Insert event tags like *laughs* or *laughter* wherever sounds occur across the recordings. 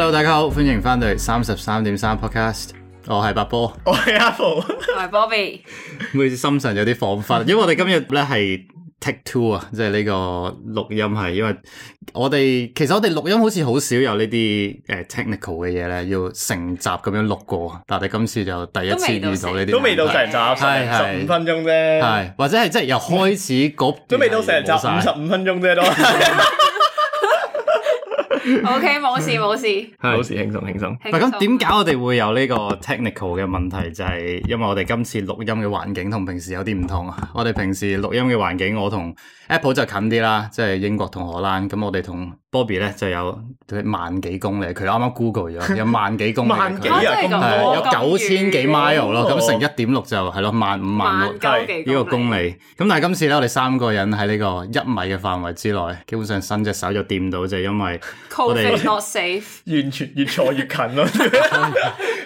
hello，大家好，歡迎翻到嚟三十三點三 podcast。我係白波，我係 Apple， *laughs* 我係 Bobby。每次心上有啲恍惚， *laughs* 因為我哋今日咧係 take two 啊，即係呢個錄音係，因為我哋其實我哋錄音好似好少有呢啲誒 technical 嘅嘢咧，要成集咁樣錄過。但係今次就第一次遇到呢啲，都未到成集，係十五分鐘啫。係或者係即係由開始噉都未到成集五十五分鐘啫都。 *laughs* *laughs* O K，冇事冇事，冇事，輕鬆輕鬆。嗱，咁點解我哋會有呢個 technical 嘅問題？就係因為我哋今次錄音嘅環境同平時有啲唔同啊。我哋平時錄音嘅環境，我同。Apple 就近啲啦，即係英國同荷蘭。咁我哋同 Bobby 咧就有萬幾公里。佢啱啱 Google 咗有萬幾公里，啊呃，有九千幾 mile 咯。咁、哦、成一點六就係咯萬五萬六，係呢個公里。咁但係今次咧，我哋三個人喺呢個一米嘅範圍之內，基本上伸隻手就掂到，就係、是、因為我哋完全越坐越近咯。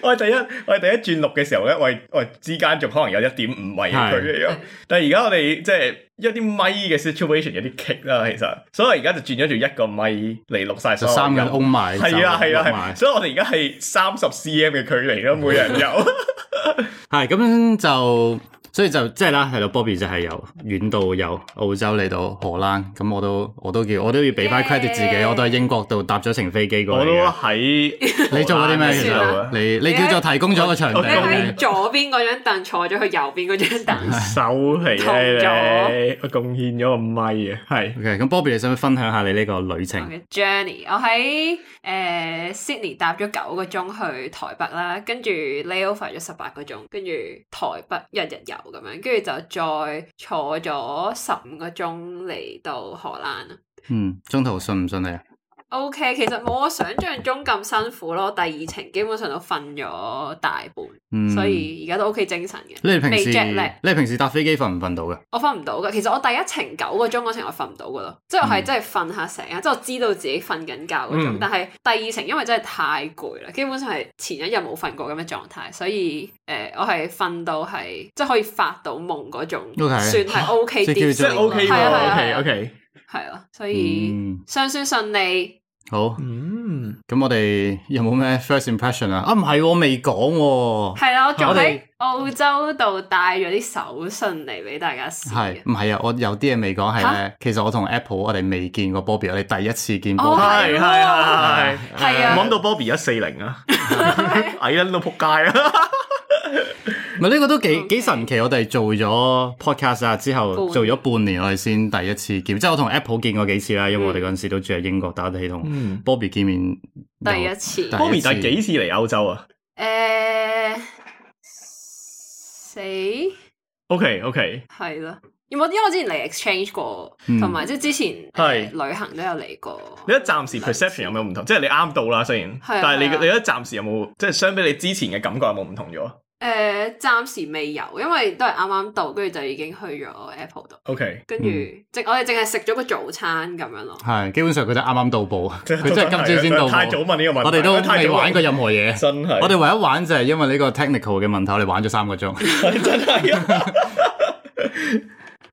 我哋第一，我哋第一轉錄嘅時候咧，我哋我哋之間仲可能有一點五米嘅距離。但係而家我哋即係。一啲麥嘅 situation 有啲 kick 啦，其實，所以而家就轉咗做一個麥嚟錄晒，十三人根麥，係啊係啊係、啊啊啊，所以我哋而家係三十 cm 嘅距離咯，每人有，係咁就。所以就即係啦，係、就、咯、是、，Bobby 就係由遠度，由澳洲嚟到荷蘭，咁我都我都叫我都要俾翻 credit 自己，Yeah. 我都喺英國度搭咗程飛機過嚟，我都喺你做咗啲咩其實？ *laughs* 了你你叫做提供咗個場地。喺左邊嗰張凳坐咗去右邊嗰張凳， *laughs* 收起咧，貢獻咗個咪啊！係。OK，咁 Bobby 你想分享下你呢個旅程 Journey？我喺誒 Sydney 搭咗九個鐘去台北啦，跟住 Leo 飛咗十八個鐘，跟住台北一日遊。咁樣，跟住就再坐咗十五個鐘嚟到荷蘭啦。嗯，中途順唔順利啊？O K，其實冇我想象中咁辛苦咯。第二程基本上都瞓咗大半，所以而家都 O K 精神嘅。你平時你哋平時搭飛機瞓唔瞓到噶？我瞓唔到噶。其實我第一程九個鐘嗰程我瞓唔到噶啦，即係係真係瞓下醒啊，即係我知道自己瞓緊覺嗰種。但係第二程因為真係太攰啦，基本上係前一日冇瞓過咁嘅狀態，所以誒我係瞓到係即係可以發到夢嗰種。算係 O K 啲，即係 O K 啊，O K O K 係啊，所以相選順利。好，嗯，咁我哋有冇咩 first impression 啊？啊，唔係、啊，未講、啊，係啊，我仲喺澳洲度帶咗啲手信嚟俾大家試。係、啊，唔係啊，我有啲嘢未講係咧。啊、其實我同 Apple，我哋未見過 Bobby，我哋第一次見 Bobby 係啊，係啊，係啊，諗到 Bobby 一四零啊，矮撚到仆街啊。 *laughs* *laughs* 唔係呢個都幾幾神奇，我哋做咗 podcast 啊之後做咗半年，我哋先第一次見，即係我同 Apple 見過幾次啦。因為我哋嗰陣時都住喺英國，打地同 Bobby 見面第一次。Bobby，第幾次嚟歐洲啊？誒，四？OK OK，係啦。有冇？因為我之前嚟 exchange 過，同埋即係之前係旅行都有嚟過。你一暫時 perception 有冇唔同？即係你啱到啦，雖然，但係你你一暫時有冇？即係相比你之前嘅感覺有冇唔同咗？誒、呃，暫時未有，因為都係啱啱到，跟住就已經去咗 Apple 度。OK，跟住，即、嗯、我哋淨係食咗個早餐咁樣咯。係，基本上佢就啱啱到埗，佢真係今朝先到。太早問呢個問題，我哋都未玩過任何嘢。真係，我哋唯一玩就係因為呢個 technical 嘅問題，我哋玩咗三個鐘。真係，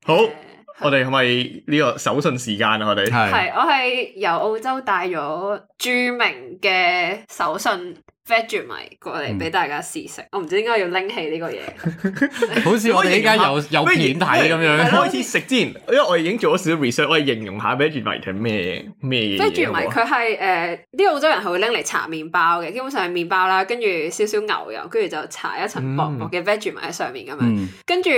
好，uh, 我哋係咪呢個手信時間啊？我哋係，我係由澳洲帶咗著名嘅手信。Vegemite 過嚟俾、嗯、大家試食，我唔知 *laughs* *laughs* 我應該要拎起呢個嘢，好似我哋而家有有片睇咁樣開始食之前，因為我已經做咗少少 research，我哋形容下 Vegemite 係咩咩。Vegemite 佢係誒啲澳洲人係會拎嚟搽麵包嘅，基本上係麵包啦，跟住少少牛油，跟住就搽一層薄薄嘅 Vegemite 喺上面咁樣。跟住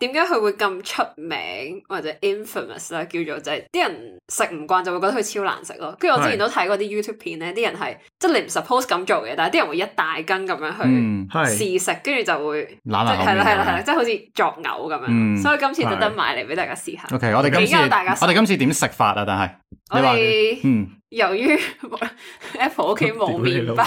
點解佢會咁出名或者 infamous 啦，叫做就係、是、啲人食唔慣就會覺得佢超難食咯。跟住我之前都睇過啲 YouTube 片咧，啲人係即係你唔 suppose 咁做嘅，但係啲會一大根咁樣去試食，跟住就會，係啦係啦係啦，即係好似作嘔咁樣。所以今次特登買嚟俾大家試下。O K，我哋今次我哋今次點食法啊？但係，我哋由於 Apple 屋企冇麵包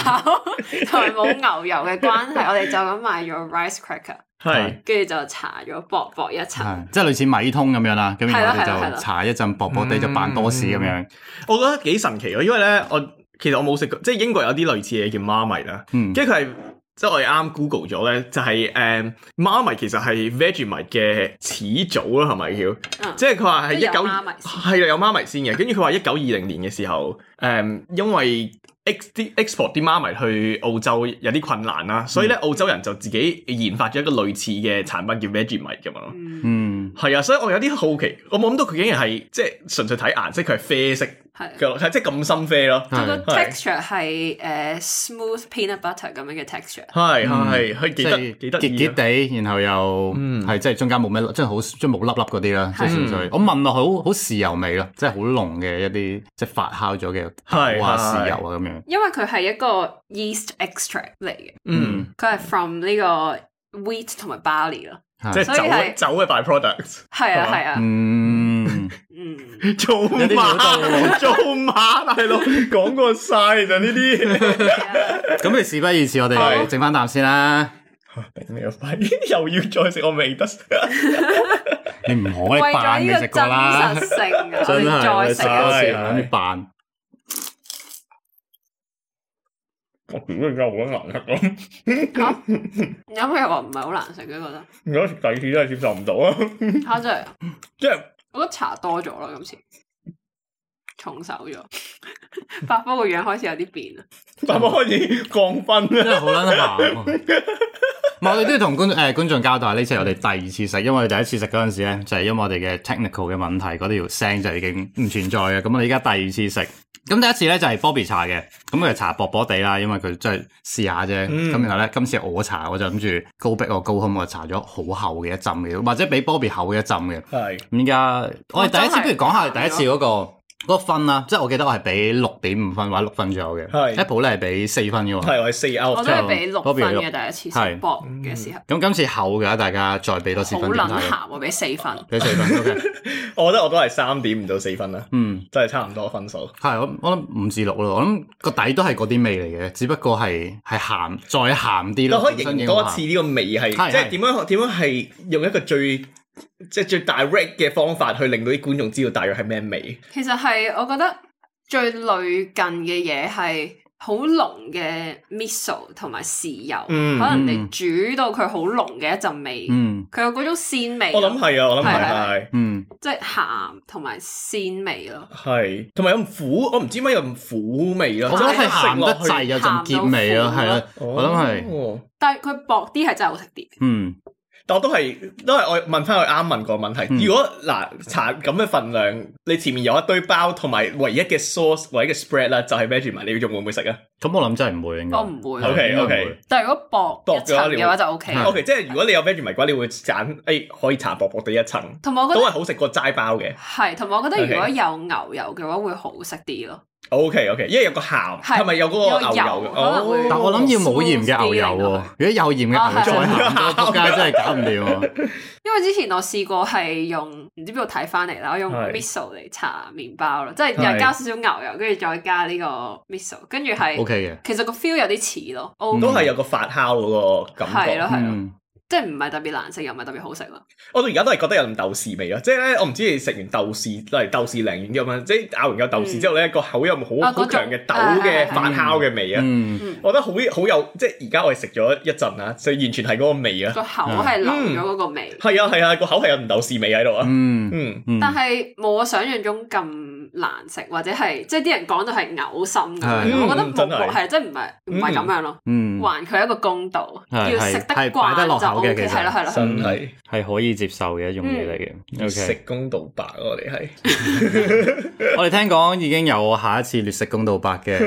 同埋冇牛油嘅關係，我哋就咁買咗 rice cracker，係，跟住就搽咗薄薄一層，即係類似米通咁樣啦。咁然後就搽一陣薄薄地，就扮多士咁樣。我覺得幾神奇啊，因為咧我。其實我冇食過，即係英國有啲類似嘢叫 Marmite 啦，嗯，即係佢係，即係我哋啱 Google 咗咧，就係誒 Marmite 其實係 Vegemite 嘅始祖啦，係咪叫？嗯、即係佢話係一九係有 Marmite 先嘅，跟住佢話一九二零年嘅時候，誒、um, 因為 export 啲 Marmite 去澳洲有啲困難啦，嗯、所以咧澳洲人就自己研發咗一個類似嘅產品叫 Vegemite 咁咯，嗯，係啊、嗯，所以我有啲好奇，我冇諗到佢竟然係即係純粹睇顏色，佢係啡色。係，即係咁深啡咯。個 texture 係誒 smooth peanut butter 咁樣嘅 texture。係係，係幾得幾得意啊！然後又係即係中間冇咩，即係好即係冇粒粒嗰啲啦，即係純粹。我聞落去好好豉油味咯，即係好濃嘅一啲即係發酵咗嘅，話豉油啊咁樣。因為佢係一個 yeast extract 嚟嘅，嗯，佢係 from 呢個 wheat 同埋 barley 咯，即係酒嘅酒嘅 byproducts。係啊係啊。嗯，做馬做馬，大佬講過晒就呢啲。咁你事不宜遲，我哋整翻啖先啦。點樣廢？又要再食我未得食？你唔可以扮你食過啦，真係，再食我食，你扮。我唔會夠得難食咁？有冇人話唔係好難食嘅覺得？如果食第二次真係接受唔到啊！誇張啊！即係。我覺得茶多咗咯，今次。重手咗，百夫個樣開始有啲變啦，百夫開始降分啦真、啊，真係好捻難行啊我哋都要同、呃、觀眾誒觀眾交代，呢次係我哋第二次食，因為第一次食嗰陣時咧，就係、是、因為我哋嘅 technical 嘅問題，嗰條聲就已經唔存在嘅。咁我哋而家第二次食，咁第一次咧就係、是、Bobby 茶嘅，咁佢茶薄薄地啦，因為佢真係試下啫。咁、嗯、然後咧，今次我茶我就諗住高逼我高空我茶咗好厚嘅一浸嘅，或者比 Bobby 厚嘅一浸嘅。係的，而家、哦、我哋第一次不如講下第一次嗰個。嗰個分啦，即係我記得我係俾六點五分或者六分左右嘅，Apple 咧係俾四分嘅喎，我係四歐，我都係俾六分嘅，第一次食博嘅時候。咁今次厚嘅，大家再俾多次分。好撚鹹喎，俾四分，俾四分，OK。我覺得我都係三點五到四分啦，嗯，真係差唔多分數。係我我諗五至六咯，我諗個底都係嗰啲味嚟嘅，只不過係係鹹再鹹啲咯。你可以形容一次呢個味係，即係點樣點樣係用一個最。即係最 direct 嘅方法去令到啲觀眾知道大約係咩味。其實係我覺得最類近嘅嘢係好濃嘅 miso 同埋豉油，嗯嗯、可能你煮到佢好濃嘅一陣味。嗯，佢有嗰種鮮味。我諗係啊，我諗係係。嗯，即係鹹同埋鮮味咯。係，同埋有咁苦，我唔知咩咁苦味咯。我覺得係食落去有陣澀味咯。係啦，我諗係。但係佢薄啲係真係好食啲。嗯。但我都係，都係我剛剛問翻佢啱問個問題。嗯、如果嗱，搽咁嘅份量，你前面有一堆包，同埋唯一嘅 source，唯一嘅 spread 啦，就係 Vegemite，你仲會唔會食啊？咁我諗真係唔會，應該我唔會。O K O K。但係如果薄薄層嘅話就 O K。O K，即係如果你有 Vegemite 嘅話，你會揀誒、哎、可以搽薄薄哋一層，同埋我覺得都係好食過齋包嘅。係，同埋我覺得如果有牛油嘅話會好食啲咯。Okay. O K O K，因為有個鹹，係咪有嗰個牛油？但我諗要冇鹽嘅牛油喎。如果有鹽嘅，再鹹，咁多國家真係搞唔掂。因為之前我試過係用唔知邊度睇翻嚟啦，我用 miso 嚟搽麵包咯，即係又加少少牛油，跟住再加呢個 miso 跟住係 O K 嘅。其實個 feel 有啲似咯，都係有個發酵嗰個感覺。係咯係咯。即係唔係特別難食，又唔係特別好食咯。我到而家都係覺得有豆豉味啊。即係咧，我唔知你食完豆豉都係豆豉鯪魚咁樣，即係咬完個豆豉之後咧，個口有唔好好強嘅豆嘅發酵嘅味啊。我覺得好好有，即係而家我係食咗一陣啊，所以完全係嗰個味啊。個口係留咗嗰個味。係啊係啊，個口係有唔豆豉味喺度啊。嗯嗯。但係冇我想象中咁難食，或者係即係啲人講到係嘔心咁樣，我覺得冇係即係唔係唔係咁樣咯。嗯，還佢一個公道，要食得慣。係啦，係啦，真係係可以接受嘅，嗯、一種嘢嚟嘅。Okay. 食公道白啊， *laughs* *laughs* 我哋係，我哋聽講已經有下一次列食公道白嘅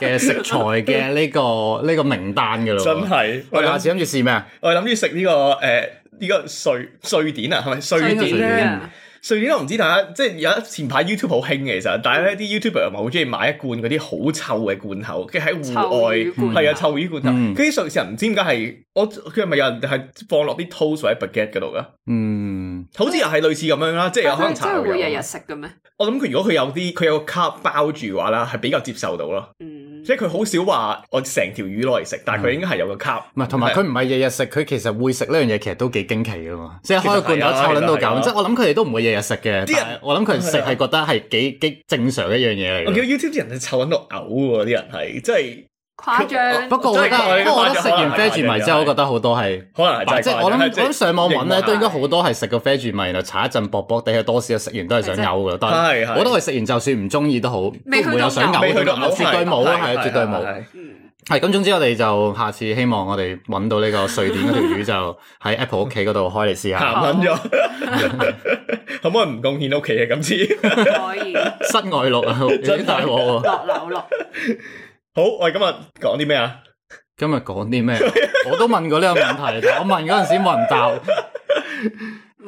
嘅 *laughs* 食材嘅呢、這個呢、這個名單噶啦。真係，我哋下次諗住試咩啊？我哋諗住食呢個誒呢、呃這個瑞瑞典啊，係咪瑞典，碎典上年都唔知，大家，即係有前排 YouTube 好興嘅，其實，但係咧啲 YouTuber 又唔係好中意買一罐嗰啲好臭嘅罐頭，跟住喺戶外係啊臭魚罐頭。嗰啲瑞士人唔知點解係，我佢係咪有人係放落啲 toast 或喺 Baguette 嗰度㗎？嗯，好似又係類似咁樣啦，是即係有可能茶油。日日食嘅咩？我諗佢如果佢有啲佢有個 cup 包住嘅話啦，係比較接受到咯。嗯。即係佢好少話，我成條魚攞嚟食，但係佢應該係有個卡。唔係、嗯，同埋佢唔係日日食，佢是其實會食呢樣嘢，其實都幾驚奇嘅嘛。即係開個罐頭臭撚到咁，即係我諗佢哋都唔會日日食嘅。啲人，我諗佢哋食係覺得係幾的幾正常一樣嘢嚟。我見 YouTube 啲人係臭撚到嘔喎，啲人係即係。誇張，不過我覺得，不過我覺得食完啡住米之後，我覺得好多係可能係即係我諗，我諗上網揾咧都應該好多係食過啡住米，然後搽一陣薄薄地喺多士，食完都係想嘔嘅。但係我都係食完，就算唔中意都好，都唔會有想嘔嘅感覺，絕對冇啊，係絕對冇。係咁，總之我哋就下次希望我哋揾到呢個瑞典嗰條魚，就喺 Apple 屋企嗰度開嚟試下。揾咗可唔可以唔貢獻屋企啊？今次可以室外錄啊，大鑊落樓落。好，我哋今日講啲咩啊？今日講啲咩？ *laughs* 我都問過呢個問題， *laughs* 但我問嗰陣時問唔到。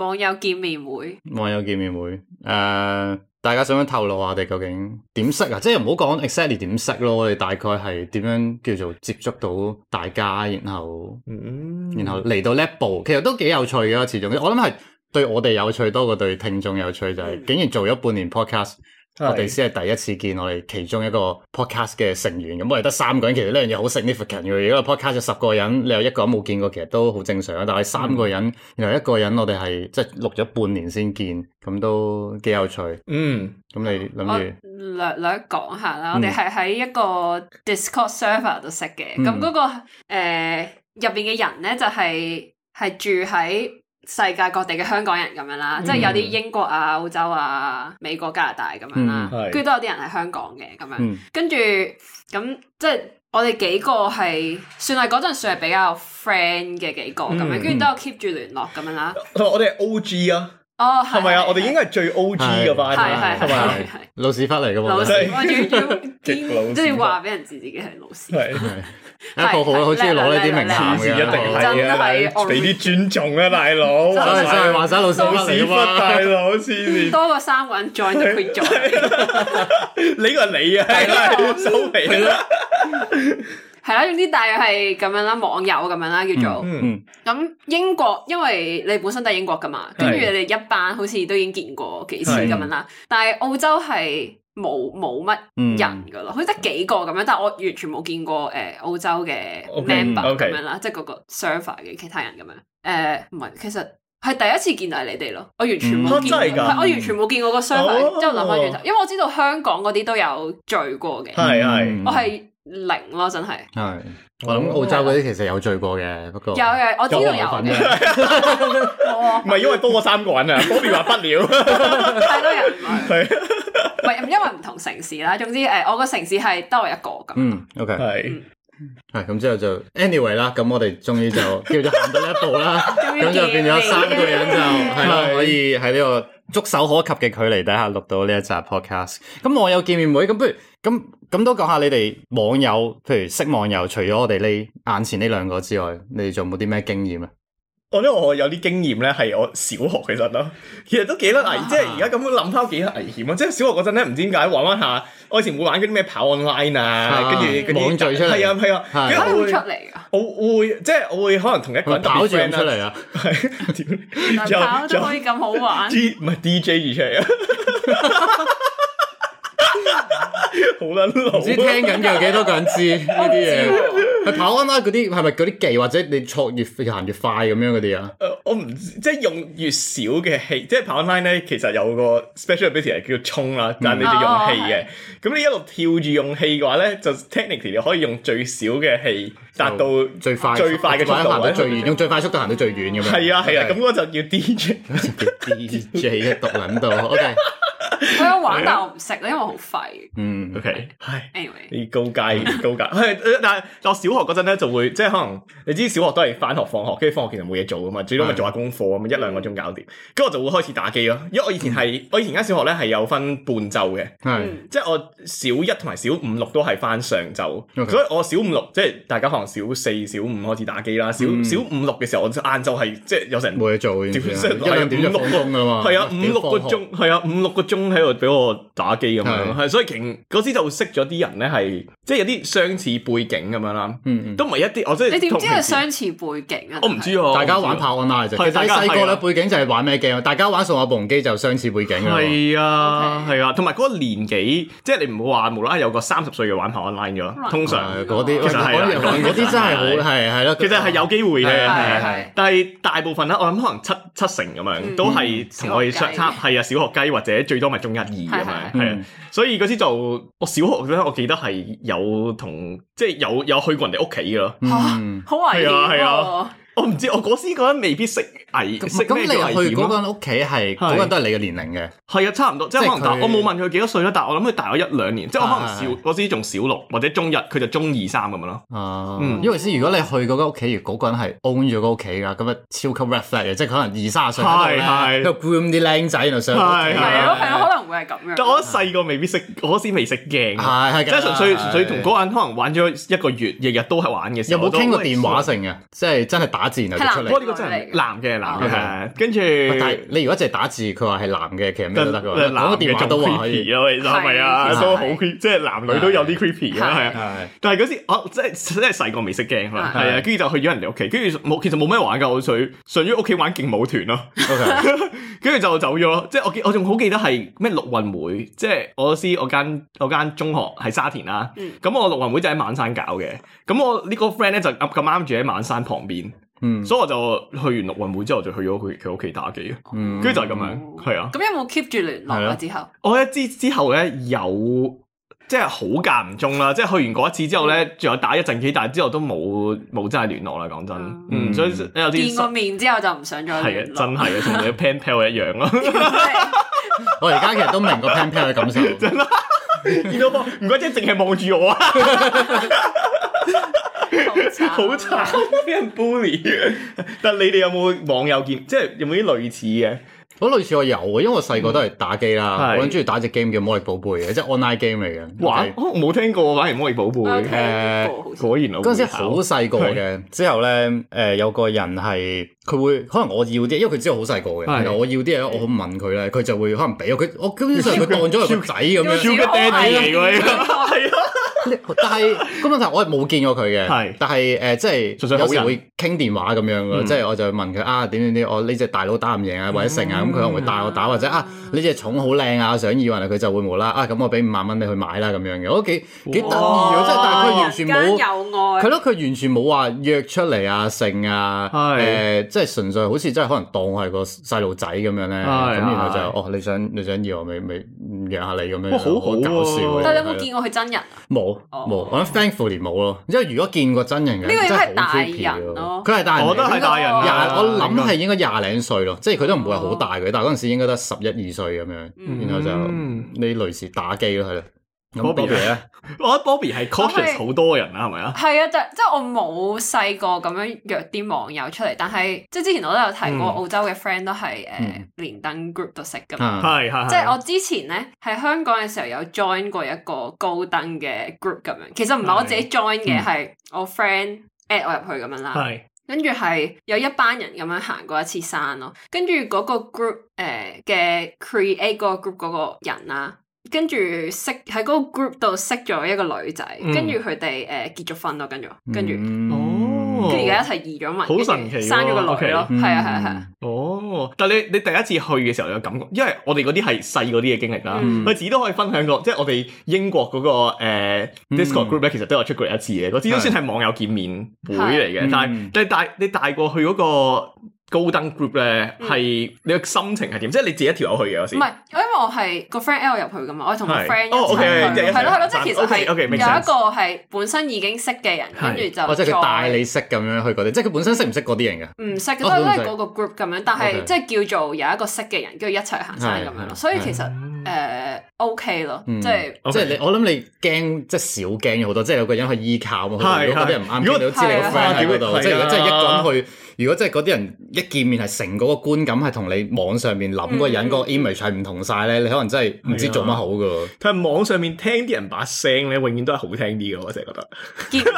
網友見面會，網友見面會，誒、uh，大家想唔想透露下我哋究竟點識啊？即係唔好講 exactly 點識咯，我哋大概係點樣叫做接觸到大家，然後，嗯、然後嚟到呢一步，其實都幾有趣噶。始終我諗係對我哋有趣多過對聽眾有趣，就係、是、竟然做咗半年 podcast。是我哋先係第一次見我哋其中一個 podcast 嘅成員，咁我哋得三個人，其實呢樣嘢好 significant 嘅。如果個 podcast 有十個人，你有一個人冇見過，其實都好正常啊。但係三個人，嗯、然後一個人我哋係即係錄咗半年先見，咁都幾有趣。嗯，咁你諗住略略講下啦。我哋係喺一個 Discord server 度識嘅，咁嗰、嗯，那個誒入邊嘅人咧，就係、是、係住喺。世界各地嘅香港人咁樣啦，嗯、即係有啲英國啊、澳洲啊、美國、加拿大咁樣啦，跟住、嗯、都有啲人喺香港嘅咁樣，跟住咁即係我哋幾個係算係嗰陣算係比較 friend 嘅幾個咁樣，跟住、嗯嗯、都有 keep 住聯絡咁樣啦、嗯嗯。我哋係 O.G. 啊！哦，係咪啊？我哋應該係最 OG 嘅班，係係係老師翻嚟嘅嘛，我仲即係話俾人知自己係老師，係係一個好，好鍾意攞呢啲名詞，一定係啊，俾啲尊重啊，大佬，話晒話晒老師翻嚟嘛，大佬，多過三個人 join 都佢。夠，呢個係你啊，收皮啦。係啦，總之大約係咁樣啦，網友咁樣啦，叫做咁、嗯嗯、英國，因為你本身都係英國噶嘛，跟住對你哋一班好似都已經見過幾次咁對樣啦。但係澳洲係冇冇乜人噶咯，好似得、嗯、幾個咁樣，但我完全冇見過誒、呃、澳洲嘅 member 咁樣啦，okay、即係嗰個 server 嘅其他人咁樣。誒、呃，唔係，其實係第一次見到係你哋咯，我完全冇見，嗯、我完全冇見過個 server、哦。之後諗翻轉頭，因為我知道香港嗰啲都有聚過嘅，係係對，我係對。零咯，真係。係我諗澳洲嗰啲其實有聚過嘅，不過、嗯、我有嘅，我知道有，唔係 *laughs* 因為多過三個人啊，多言 *laughs* 不了，太 *laughs* *laughs* 多人唔係唔因為唔同城市啦，總之誒，我個城市係多我一個咁。嗯、mm，OK，係。Mm. 係咁之後就 anyway 啦，咁我哋終於就叫做行到呢一步啦，咁 *laughs* 見就變咗三個人，就希望 *laughs* 可以喺呢個觸手可及嘅距離底下錄到呢一集 podcast，咁網友見面會，咁不如咁咁都講下你哋網友，譬如識網友，除咗我哋呢眼前呢兩個之外，你哋仲有冇啲咩經驗啊？我覺得我有啲經驗咧，係我小學其實咯，其實都幾得危，啊、即係而家咁樣諗翻，幾危險啊！即係小學嗰陣咧，唔知點解玩玩，玩下，我以前會玩嗰啲咩跑 online 啊，跟住嗰啲網聚出嚟，啊，係啊，係啊，佢會是是出嚟噶，我會即係我會可能同一個人打 friend 出嚟啊，係， *laughs* 跑都可以咁好玩，D 唔係 D J 而出嚟啊。好啦，唔知聽緊有幾多個人知呢啲嘢。去跑安 n 嗰啲係咪嗰啲技或者你錯越行越快咁樣嗰啲啊？誒，我唔知，即係用越少嘅氣，即係跑安 n l 咧，其實有個 special ability 係叫衝啦，但係你用氣嘅。咁你一路跳住用氣嘅話咧，就 technically 你可以用最少嘅氣達到最快最快嘅速度，行到最遠，用最快速度行到最遠咁樣。係啊係啊，咁我就叫 DJ。叫 DJ 嘅獨捻度。OK 佢有玩，但我唔識咧，因為好廢。嗯，OK，係，anyway，高階高階，但係我小學嗰陣咧就會，即係可能你知小學都係翻學放學，跟住放學其實冇嘢做噶嘛，最多咪做下功課咁樣一兩個鐘搞掂，跟住我就會開始打機咯。因為我以前係我以前間小學咧係有分半晝嘅，係，即係我小一同埋小五六都係翻上晝，所以我小五六即係大家可能小四、小五開始打機啦，小小五六嘅時候我晏晝係即係有成冇嘢做，一兩點就放噶嘛，係啊，五六個鐘，係啊，五六個鐘。喺度俾我打機咁樣咯，係所以勁嗰時就會識咗啲人咧，係即係有啲相似背景咁樣啦。都唔係一啲我即係你點知係相似背景啊？我唔知啊。大家玩跑 online 啫。你細個呢背景就係玩咩 game？大家玩《數碼暴龍機》就相似背景啊。係啊，係啊，同埋嗰個年紀，即係你唔好話無啦啦有個三十歲嘅玩跑 online 咗。通常嗰啲其實係嗰啲真係好係係咯。其實係有機會嘅，係係。但係大部分咧，我諗可能七。七成咁樣，嗯、都係同我哋相差，係啊，小學雞或者最多咪中一二咁樣，係啊，所以嗰時就我小學嗰陣，我記得係有同即係、就是、有有去過人哋屋企噶咯，吓好危險，係啊，我唔知我嗰時覺得未必識。咁你去嗰間屋企係嗰個都係你嘅年齡嘅係啊差唔多即係可能大我冇問佢幾多歲啦，但係我諗佢大我一兩年，即係我可能少，嗰時仲小六或者中一，佢就中二三咁樣咯。因為先如果你去嗰間屋企，如果嗰個人係 own 咗個屋企㗎，咁啊超級 r e f e t 嘅，即係可能二三十歲，係係，佢 groom 啲靚仔喺度上屋企，係係可能會係咁樣。但我細個未必識，我嗰時未食鏡，係係，即係純粹純粹同嗰個人可能玩咗一個月，日日都係玩嘅，有冇傾過電話成嘅？即係真係打字然後出嚟。呢個真係男嘅。係，跟住但係你如果淨係打字，佢話係男嘅，其實咩都得嘅。講個電話都話可以咯，係咪啊？所以好即係男女都有啲 creepy 咯，係啊。但係嗰時我即係真係細個未識驚，係啊。跟住就去咗人哋屋企，跟住冇其實冇咩玩噶，我最上咗屋企玩勁舞團咯。跟住就走咗，即係我我仲好記得係咩陸運會，即係我知我間我間中學喺沙田啦。咁我陸運會就喺晚山搞嘅，咁我呢個 friend 咧就咁啱住喺晚山旁邊。嗯，所以我就去完陸運會之後就去咗佢佢屋企打機、嗯、啊，嗯，跟住就係咁樣，係啊，咁有冇 keep 住聯聯絡之後？我一之之後咧有，即係好間唔中啦，即係去完嗰一次之後咧，仲、嗯、有打一陣幾，但係之後都冇冇真係聯絡啦，講真，嗯，嗯，所以有啲見過面之後就唔想再係啊，真係啊，同你 pen pal 一樣咯、啊， *laughs* 我而家其實都明個 pen pal 嘅感受，見到我，唔該，即係淨係望住我啊。好慘，俾 *laughs* 人 bully *laughs* 但係你哋有冇網友見，即係有冇啲類似嘅？好類似，我有啊，因為我細個都係打機啦、嗯 okay?。我諗中意打隻 game 叫《魔力寶貝》嘅 Okay,、呃，即係 online game 嚟嘅。玩？我冇聽過，反而《魔力寶貝》誒，果然我嗰陣時好細個嘅。是之後咧，誒、呃，有個人係佢會可能我要啲，因為佢知道我好細個嘅。是然後我要啲嘢，我問佢咧，佢就會可能俾我。佢我基本上佢當咗係個仔咁樣。係啊。但係嗰問題，我係冇見過佢嘅。係，但係誒，即係有時會傾電話咁樣咯。即係我就問佢啊，點點點，我呢隻大佬打唔贏啊，或者成啊，咁佢可能會帶我打或者啊？呢隻寵好靚啊，我想要，佢就會冇啦。啊，咁我俾五萬蚊你去買啦，咁樣嘅，好幾幾得意啊！即係，但係佢完全冇，佢咯，佢完全冇話約出嚟啊，成啊，誒，即係純粹好似真係可能當我係個細路仔咁樣咧。咁然後就哦，你想你想要我咪咪約下你咁樣。好搞笑，但係你有冇見過佢真人啊？冇。冇，我諗 Thankfully 冇咯。因為如果見過真人嘅，真係好 happy。佢係大人、啊，我都係大人。廿、啊，我諗係應該廿零歲咯，哦、即係佢都唔會係好大嘅，但係嗰陣時應該得十一二歲咁樣，然後就呢、嗯、類似打機咯係啦。Bobby 咧，我覺得 Bobby 係 cautious 好多人啦，係咪啊？係啊，就即係我冇細個咁樣約啲網友出嚟，但係即係之前我都有提過，嗯、澳洲嘅 friend 都係誒、呃嗯、連登 group 都識噶嘛。係係。即係我之前咧喺香港嘅時候有 join 過一個高登嘅 group 咁樣，其實唔係我自己 join 嘅，係是 我 friend add 我入去咁樣啦。係。跟住係有一班人咁樣行過一次山咯，跟住嗰個 group 誒、呃、嘅 create 嗰個 group 嗰個人啦、啊。跟住識喺嗰個 group 度識咗一個女仔，跟住佢哋誒結咗婚咯，跟住跟住，哦、嗯，跟住而家一齊移咗民，好神奇，生咗個女仔咯，係啊係啊係。是是是哦，但你你第一次去嘅時候有感覺，因為我哋嗰啲係細嗰啲嘅經歷啦，我、嗯、自己都可以分享過，即係我哋英國嗰、那個、uh, Discord group 咧，其實都有出過一次嘅，嗰、嗯、次都算係網友見面會嚟嘅，是是但係你帶你帶過去嗰、那個。高登 group 咧係你個心情係點？即係你自己一條友去嘅，有時唔係因為我係個 friend L 入去嘅嘛，我同個 friend 一齊去係係咯。即係其實有一個係本身已經識嘅人，跟住就哦，即係佢帶你識咁樣去嗰啲，即係佢本身識唔識嗰啲人嘅？唔識都係嗰個 group 咁樣，但係即係叫做有一個識嘅人跟住一齊行晒咁樣咯。所以其實誒 OK 咯，即係即係你我諗你驚即係少驚好多，即係有個人去依靠啊。係覺得唔啱，如果你知你個 friend 喺度，即係即係一個人去。如果真係嗰啲人一見面係成個觀感係同你網上面諗個人個 image 係唔同晒咧，你可能真係唔知做乜好㗎。佢睇網上面聽啲人把聲咧，永遠都係好聽啲嘅，我成日覺得。遮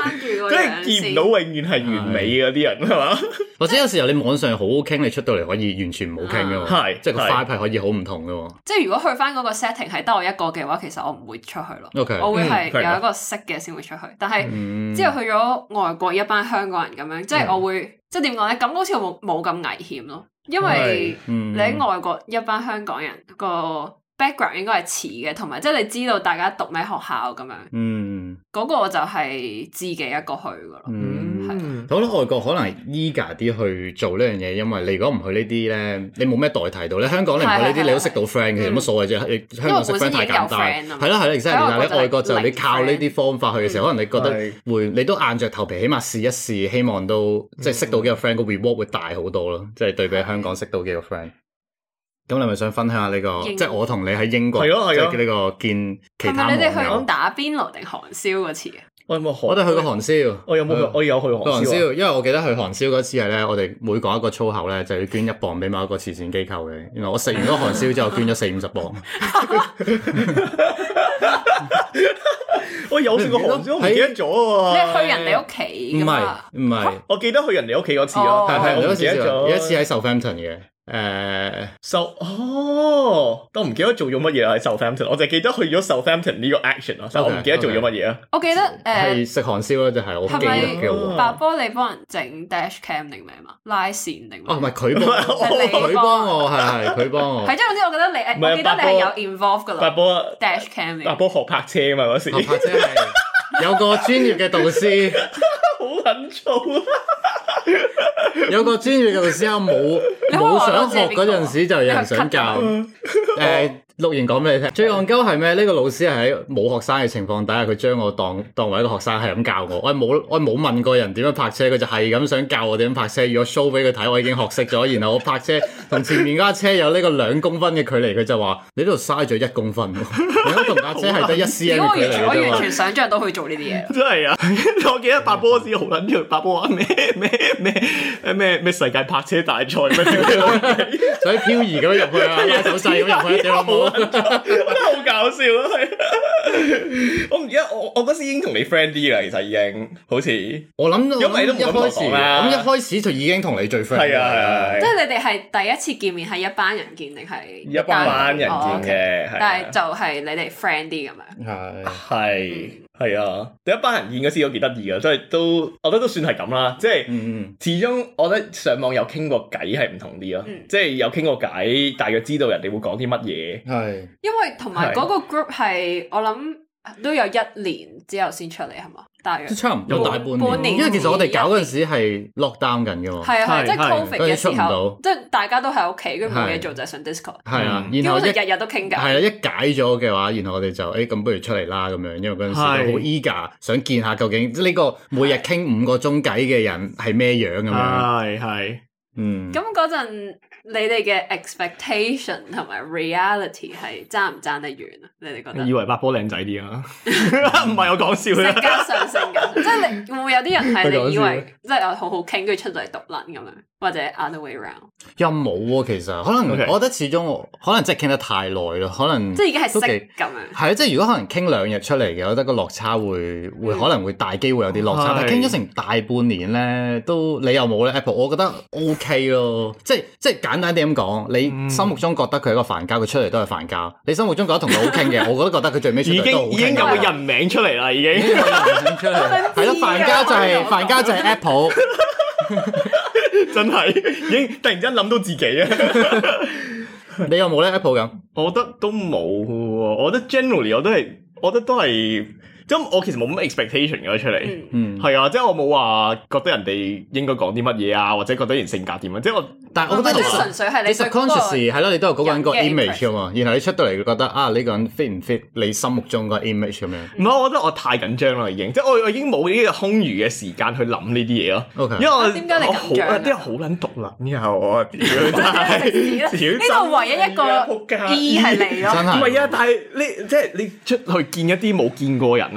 翻住個樣。見到永遠係完美嗰啲人係嘛？或者有時候你網上好好傾，你出到嚟可以完全唔好傾嘅，係即係個 fire 係可以好唔同嘅。即係如果去翻嗰個 setting 係得我一個嘅話，其實我唔會出去咯。Okay。我會係有一個識嘅先會出去。但係之後去咗外國一班香港人咁樣，即係我會。即係點講咧？咁好似冇冇咁危險咯，因為你喺外國一班香港人個 background 應該係似嘅，同埋即係你知道大家讀咩學校咁樣。嗯，嗰個就係自己一個去噶咯。 *noise* 嗯，好啦，外國可能 eager 啲去做呢樣嘢，因為你如果唔去呢啲咧，你冇咩代替到咧。香港你唔去呢啲，你都識到 friend 嘅，有乜所謂啫？你香港識 friend 太簡單。係啦係啦，其實，但係外國就你靠呢啲方法去嘅時候，可能你覺得會你都硬着頭皮，起碼試一試，希望都即係識到幾個 friend，個 reward 會大好多咯。即係對比香港識到幾個 friend。咁你咪想分享下呢個，即係我同你喺英國，即係呢個見其他。係咪你哋去打邊爐定韓燒嗰次啊？有有，我冇，我哋去過韓燒。我、哦、有冇去？是我有去過韓燒。因為我記得去韓燒嗰次係咧，我哋每講一個粗口咧，就要捐一磅俾某一個慈善機構嘅。原來我食完嗰韓燒之後，捐咗四五十磅。我有食過韓燒，我唔記得咗喎、啊。你係去人哋屋企。唔係唔係，啊、我記得去人哋屋企嗰次咯、啊。係係、哦，我記得。有一次喺受 Fountain 嘅。誒 South 哦，都唔記得做咗乜嘢喺 Southampton，我淨係記得去咗 Southampton 呢個 action 咯，但係唔記得做咗乜嘢啊。我記得誒食韓燒咯，就係我唔記得嘅喎。白波，你幫人整 Dashcam 定咩啊？拉線定？哦，唔係佢幫我，佢幫我係，係佢幫我，係即係總之，我覺得你唔係白波，你係有 involved 噶咯。白波 Dashcam，白波學泊車啊嘛嗰時。 *laughs* 有個專業嘅導師，好緊促，有個專業嘅導師，我冇冇想學嗰陣時，就有人想教，誒。錄完講俾你聽，對最戇鳩係咩？呢、呢個老師係喺冇學生嘅情況底下，佢將我當當為一個學生係咁教我。我冇我冇問過人點樣泊車，佢就係咁想教我點樣泊車。如果 show 俾佢睇，我已經學識咗。然後我泊車同前面架車有呢個兩公分嘅距離，佢就話你呢度嘥咗一公分。 *laughs* 你同架車係得一 cm 嘅距離。我完全想像都去做呢啲嘢。真係啊！ *laughs* 我記得拍波時好撚弱，拍波話咩咩咩咩咩世界泊車大賽，想 *laughs* 漂 *laughs* 移咁入去啊，手勢咁入去啊。真係好搞笑啊。係，我唔記得我我嗰時已經同你 friend 啲啦，其實已經，好似我諗想到，因為都唔好講啦，咁一,一開始就已經同你最 friend 係啊，啊啊即係你哋係第一次見面，係一班人見定係一班人見嘅，但係就係你哋 friend 啲咁樣，係係、啊。係啊，第一班人見嗰時好幾得意噶，所以都，我覺得都算係咁啦。即係，嗯、始終我覺得上網有傾過偈係唔同啲咯。嗯、即係有傾過偈，大約知道人哋會講啲乜嘢。係，嗯、因為同埋嗰個 group 係，是的 我諗都有一年之後先出嚟，係嘛。都差唔多大半年，因為其實我哋搞嗰陣時係 lockdown 緊嘅喎。係啊，即係 Covid 嘅時候，即係大家都喺屋企，跟住冇嘢做就上 Discord。係啊，然後一日日都傾偈，係啊，一解咗嘅話，然後我哋就誒咁，不如出嚟啦咁樣，因為嗰陣時好 eager 想見下究竟呢個每日傾五個鐘偈嘅人係咩樣咁樣。係係，嗯。咁嗰陣。你哋嘅 expectation 同埋 reality 係爭唔爭得遠啊？你哋覺得？以為8 Ball 靚仔啲啊？唔 *laughs* 係，我講笑啫。上升緊， *laughs* 即係你會有啲人係你以為 *laughs* 即係好好傾，跟住出嚟獨立咁樣，或者 other way round 又冇喎。其實、啊、可能我覺得始終可能即係傾得太耐咯。可能，可能即係已經係識咁樣。係啊，即係如果可能傾兩日出嚟嘅，我覺得個落差會會可能會大，機會有啲落差。是但傾咗成大半年咧，都你又冇咧 Apple。我覺得 OK 咯，即係即係揀。簡單啲咁講，你心目中覺得佢係個凡家，佢出嚟都係凡家。你心目中覺得同佢好傾嘅，我覺得覺得佢最屘出嚟已經已經有個人名出嚟啦，已經。 *laughs* 出嚟係咯，凡 *laughs* *laughs* 家就係、是、凡家就係 Apple， *laughs* 真係已經突然之間諗到自己啊！ *laughs* 你有冇咧 Apple 咁？我覺得都冇，我覺得 generally 我都係，我覺得都係。咁我其實冇乜 expectation 嘅出嚟，係啊，即係我冇話覺得人哋應該講啲乜嘢啊，或者覺得人性格點啊。即係我，但係我覺得純粹係你實 c 係咯，你都係嗰個人個 image 啊嘛。然後你出到嚟覺得啊，呢個人 fit 唔 fit 你心目中個 image 咁樣？唔係，我覺得我太緊張啦，已經。即係我，我已經冇呢個空餘嘅時間去諗呢啲嘢咯。因為點解你好啲好撚獨立？然後我係屌，呢度唯一一個撲街依係你咯，唔係啊？但係你即係你出去見一啲冇見過人，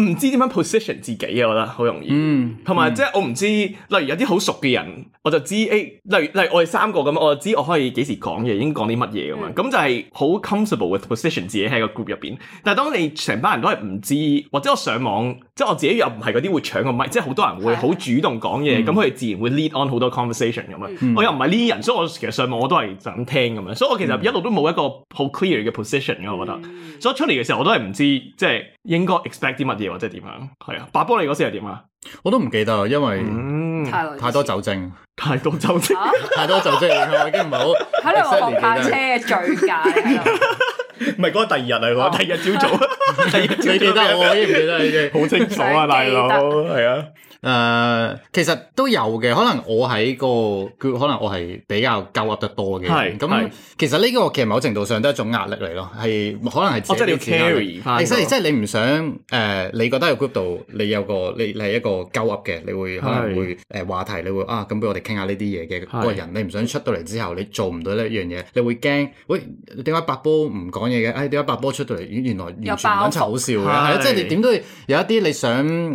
唔知點樣 position 自己，我覺得好容易。嗯，同埋即係我唔知，例如有啲好熟嘅人，我就知誒、欸，例如例如我哋三個咁，我就知我可以幾時講嘢，已經講啲乜嘢咁啊。咁、嗯、就係好 comfortable with position 自己喺個 group 入邊。但係當你成班人都係唔知，或者我上網，即、就、係、是、我自己又唔係嗰啲會搶個咪，即係好多人會好主動講嘢，咁佢哋自然會 lead on 好多 conversation 咁啊。嗯、我又唔係呢啲人，所以我其實上網我都係想咁聽咁啊。所以我其實一路都冇一個好 clear 嘅 position 嘅，我覺得。嗯嗯、所以出嚟嘅時候，我都係唔知即係。就是應該 expect 啲乜嘢或者點樣啊？係啊，白玻璃嗰時係點啊？我都唔記得啊，因為太多酒精，太多酒精，太多酒精，已經唔好喺你我搭車醉解，唔係嗰個第二日嚟我第二日朝早，你記得我已經唔記得，你好清楚啊大佬，係啊。誒，uh，其實都有嘅，可能我喺個 group，可能我係比較鳩噏得多嘅。係，咁其實呢個其實某程度上都係一種壓力嚟咯，係可能係自己 carry。即係你唔、呃呃、想誒、呃，你覺得喺 group 度你有個你你係一個鳩噏嘅，你會可能會誒話題，你會是啊咁俾我哋傾下呢啲嘢嘅個人，你唔想出到嚟之後你做唔到呢一樣嘢，你會驚喂點解白波唔講嘢嘅？誒點解白波出到嚟原來完全唔講丑笑嘅？係，即係你點都會有一啲你想誒，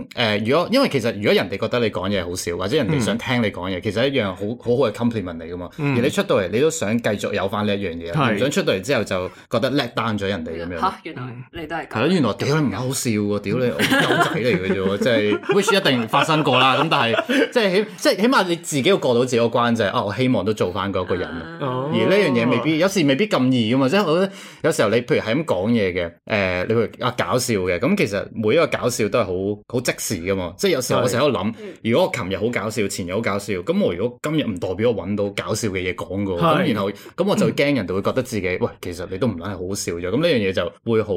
如、呃、果因為其實如果。人哋覺得你講嘢好笑，或者人哋想聽你講嘢，其實一樣好好好嘅 compliment 嚟噶嘛。而你出到嚟，你都想繼續有翻呢一樣嘢，唔想出到嚟之後就覺得 let down 咗人哋咁樣。原來你都係係咯，原來屌你唔好笑喎，屌你狗仔嚟嘅啫喎，即係 which 一定發生過啦。咁但係即係起即係起碼你自己要過到自己個關就係。哦，我希望都做翻嗰個人。而呢樣嘢未必有時未必咁易噶嘛。即係我覺得有時候你譬如喺咁講嘢嘅，誒，你譬如啊搞笑嘅，咁其實每一個搞笑都係好好即時噶嘛。即係有時候我成日。諗，如果我琴日好搞笑，前日好搞笑，咁我如果今日唔代表我揾到搞笑嘅嘢講嘅，咁是然後咁我就驚人哋會覺得自己，喂，其實你都唔係好笑咗，咁呢樣嘢就會好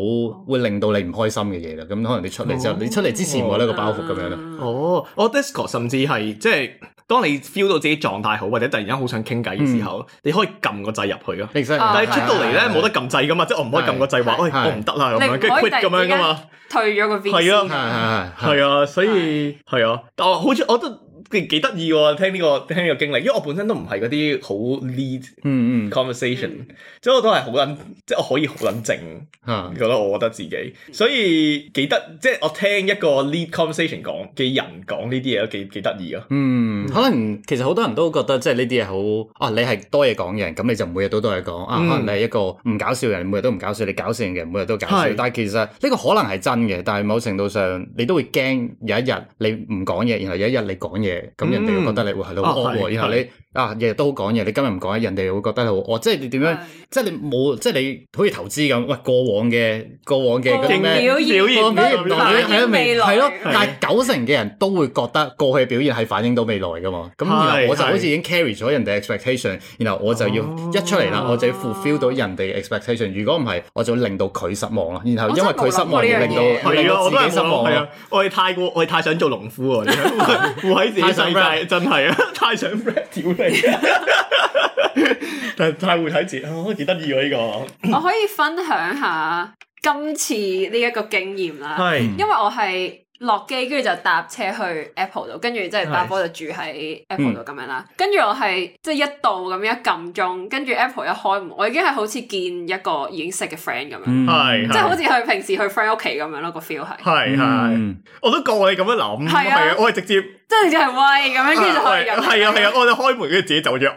會令到你唔開心嘅嘢啦。咁可能你出嚟之後、哦、你出嚟之前冇呢個包袱咁樣咯、哦。哦，我 Disco 甚至係即係。當你 feel 到自己狀態好，或者突然間好想傾偈嘅時候，嗯、你可以撳個掣入去咯。啊、但係出到嚟咧，冇得撳掣噶嘛，即係我唔可以撳個掣話，喂，我唔得啦咁樣，跟住 quit 咁樣噶嘛，退咗個 video。係啊係啊，所以係是啊，但係、啊、好似我都。幾得意喎！聽呢、這個聽呢個經歷，因為我本身都唔係嗰啲好 lead 嗯嗯 conversation，所以我都係好冷，即係我可以好冷靜吓。啊、覺得我覺得自己，所以幾得，即係我聽一個 lead conversation 講嘅人講呢啲嘢都幾幾得意啊。嗯，可能、嗯、其實好多人都覺得即係呢啲嘢好啊，你係多嘢講嘅人，咁你就每日都都係講啊。嗯、可能你係一個唔搞笑嘅，人，每日都唔搞笑，你搞笑嘅人，每日都搞笑。是但係其實呢個可能係真嘅，但係某程度上你都會驚有一日你唔講嘢，然後有一日你講嘢。咁人哋會覺得你會係咯好惡喎，然後你。啊，日日都好講嘢，你今日唔講嘢，人哋會覺得好，哦，即係你點樣，的即係你冇，即係你好似投資咁，喂，過往嘅過往嘅嗰啲咩表現，表現未來係咯，嗯、的但係九成嘅人都會覺得過去表現係反映到未來㗎嘛，咁然後我就好似已經 carry 咗人哋 expectation，然後我就要一出嚟啦、哦，我就要 fulfill 到人哋 expectation，如果唔係，我就令到佢失望啦，然後因為佢失望我令到、嗯、令到自己失望我哋太過，我哋太，太想做農夫，活喺 *laughs* 自己世界，真係啊，太想 right, *laughs* 但太會睇字，我覺得幾得意喎呢個。 *coughs* 我可以分享下今次呢一個經驗啦，是因為我係。落機跟住就搭車去 Apple 度，跟住即係搭波就住喺 Apple 度咁樣啦。跟住我係即係一度咁一撳鍾，跟住 Apple 一開門，我已經係好似見一個已經識嘅 friend 咁樣，即係好似佢平時去 friend 屋企咁樣咯，個 feel 係。係係，我都講你係咁樣諗，係啊，我係直接，即係直接係喂，咁樣，跟住就係啊係啊，我哋開門跟住自己走咗，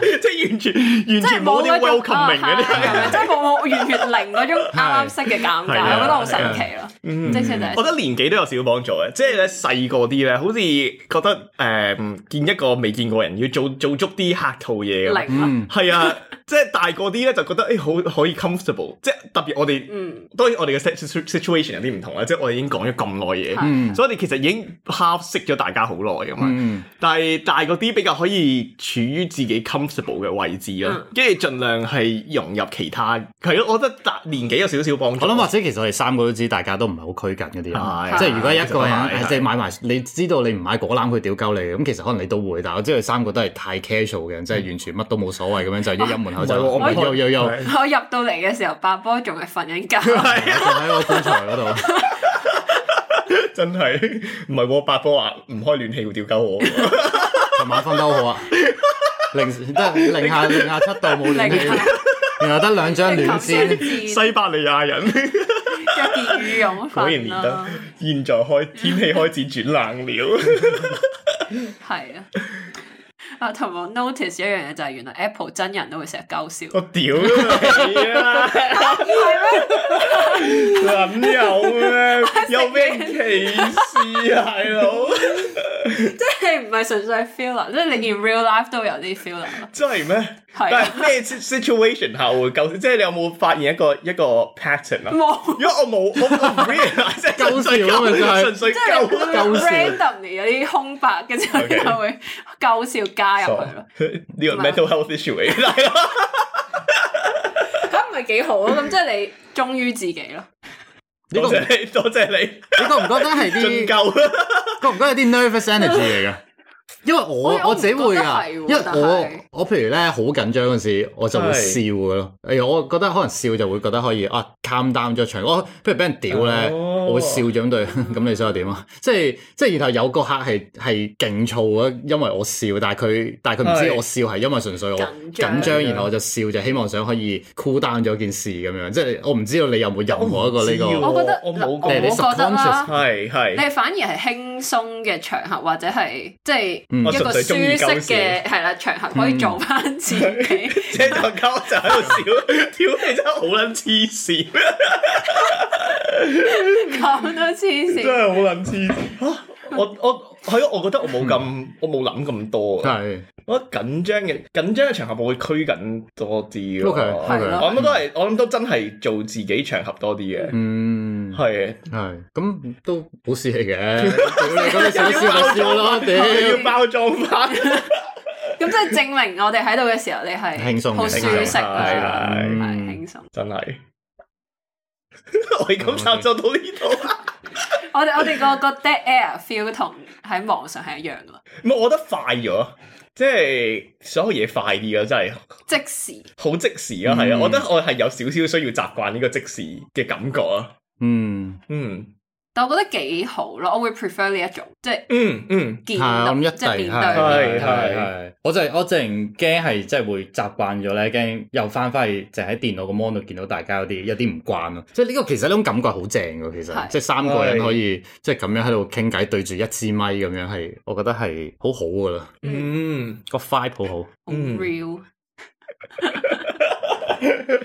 即係完全完全冇啲 welcome 即係冇冇完全零嗰種啱啱識嘅尷尬，我覺得好神奇咯。即係就係，我覺得連。自己都有少幫助嘅，即係咧細個啲咧，好似覺得誒唔、呃、見一個未見過人，要做做足啲客套嘢咁，係啊。嗯 *laughs* 即係大個啲咧，就覺得誒、欸、好可以 comfortable，即係特別我哋，當、嗯、然我哋嘅 situation 有啲唔同啦，即係我哋已經講咗咁耐嘢，嗯、所以我哋其實已經拍識咗大家好耐嘅嘛。嗯、但係大個啲比較可以處於自己 comfortable 嘅位置咯，跟住盡量係融入其他。係咯，我覺得年紀有少少幫助。我諗或者其實我哋三個都知大家都唔係好拘謹嗰啲，即係不如果一個人即係不買埋，是不是你知道你唔買果冷，佢屌鳩你，咁其實可能你都會，但我知佢三個都係太 casual 嘅，即係完全乜都冇所謂咁樣 *laughs* 就一,一一門口。 *laughs* 我入入入，我入到嚟嘅時候，八波仲係瞓緊覺，仲喺個棺材嗰度，真係唔係八波話唔開暖氣會屌鳩我，琴晚瞓得好好啊。零即零下零下七度冇暖氣，然後得兩張暖絲，西伯利亞人一件羽絨，果然熱得。現在開天氣開始轉冷了，係啊。啊，同埋 notice 一樣嘢就係、是、原來 Apple 真人都會成日搞笑。我屌啊！係咩？有咩有咩歧視大佬？ *laughs* *laughs* 即係唔係純粹係 feel 啦，即係你 in real life 都有啲 feel 啦。真係咩？係咩 situation 下會夠？即係你有冇發現一個一個 pattern 啊？冇。如果我冇，我唔會即係夠細，咁樣純粹夠夠 randomly 有啲空白，跟住就會夠笑加入去咯。呢個 mental health issue 係咯，咁唔係幾好咯？咁即係你忠於自己咯。這個、多謝你，多謝你。你覺唔覺得係啲，唔覺唔覺得係啲 nervous energy 嚟㗎？ *laughs* 因為我我自己會啊，因為我我譬如咧好緊張嗰時，我就會笑噶咯。哎我覺得可能笑就會覺得可以啊 calm down 咗場。我譬如俾人屌咧，我會笑咁對。咁你想點啊？即係即係，然後有個客係係勁燥啊，因為我笑，但係佢但係佢唔知我笑係因為純粹我緊張，然後我就笑就希望想可以 cool down 咗件事咁樣。即係我唔知道你有冇任何一個呢個，我覺得我我覺得啦，係係你反而係輕鬆嘅場合或者係即係。一個舒適嘅係啦場合，可以做翻自己、嗯。即係我交就喺度笑， *laughs* *laughs* 也，屌你真係好撚痴線，咁都痴線。真係好撚痴線。我我係咯，我覺得我冇咁，嗯、我冇諗咁多。係，是的 我覺得緊張嘅緊張嘅場合，我會拘謹多啲。OK Okay ,係 okay, 我諗都係，嗯、我諗都真係做自己場合多啲嘅。嗯。係啊，係咁都好事嚟嘅。咁你笑我笑我咯，屌！要包裝返，咁即係證明我哋喺度嘅時候，你係輕鬆、好舒適，係係輕鬆，真係我哋咁受就到呢度。我我哋個個 dead air feel 同喺網上係一樣噶嘛？唔係，我覺得快咗，即係所有嘢快啲啊，真係即時，好即時啊！係啊，我覺得我係有少少需要習慣呢個即時嘅感覺啊。嗯嗯，但我覺得幾好咯，我會 prefer 呢一種，即係嗯嗯，建立即係面對面。系系，我就係我淨驚係即係會習慣咗咧，驚又翻翻去淨喺電腦個 mon 度見到大家有啲有啲唔慣咯。即係呢個其實呢種感覺好正噶其實即係三個人可以即係咁樣喺度傾偈，對住一支咪咁樣係，我覺得係好好噶啦。嗯，個 fibre 好好，real。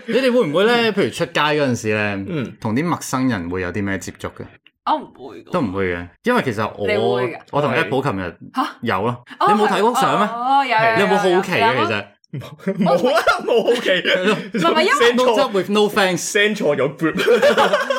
你哋會唔會咧？譬如出街嗰陣時咧，嗯，同啲陌生人會有啲咩接觸嘅？我唔會，都唔會嘅，因為其實我，你會嘅，我同 Apple 琴日吓有咯，你冇睇嗰相咩？哦，有有有，你有冇好奇啊？其實？冇啊，冇好奇嘅，唔係唔係，send 到 with no thanks，send 錯咗 group。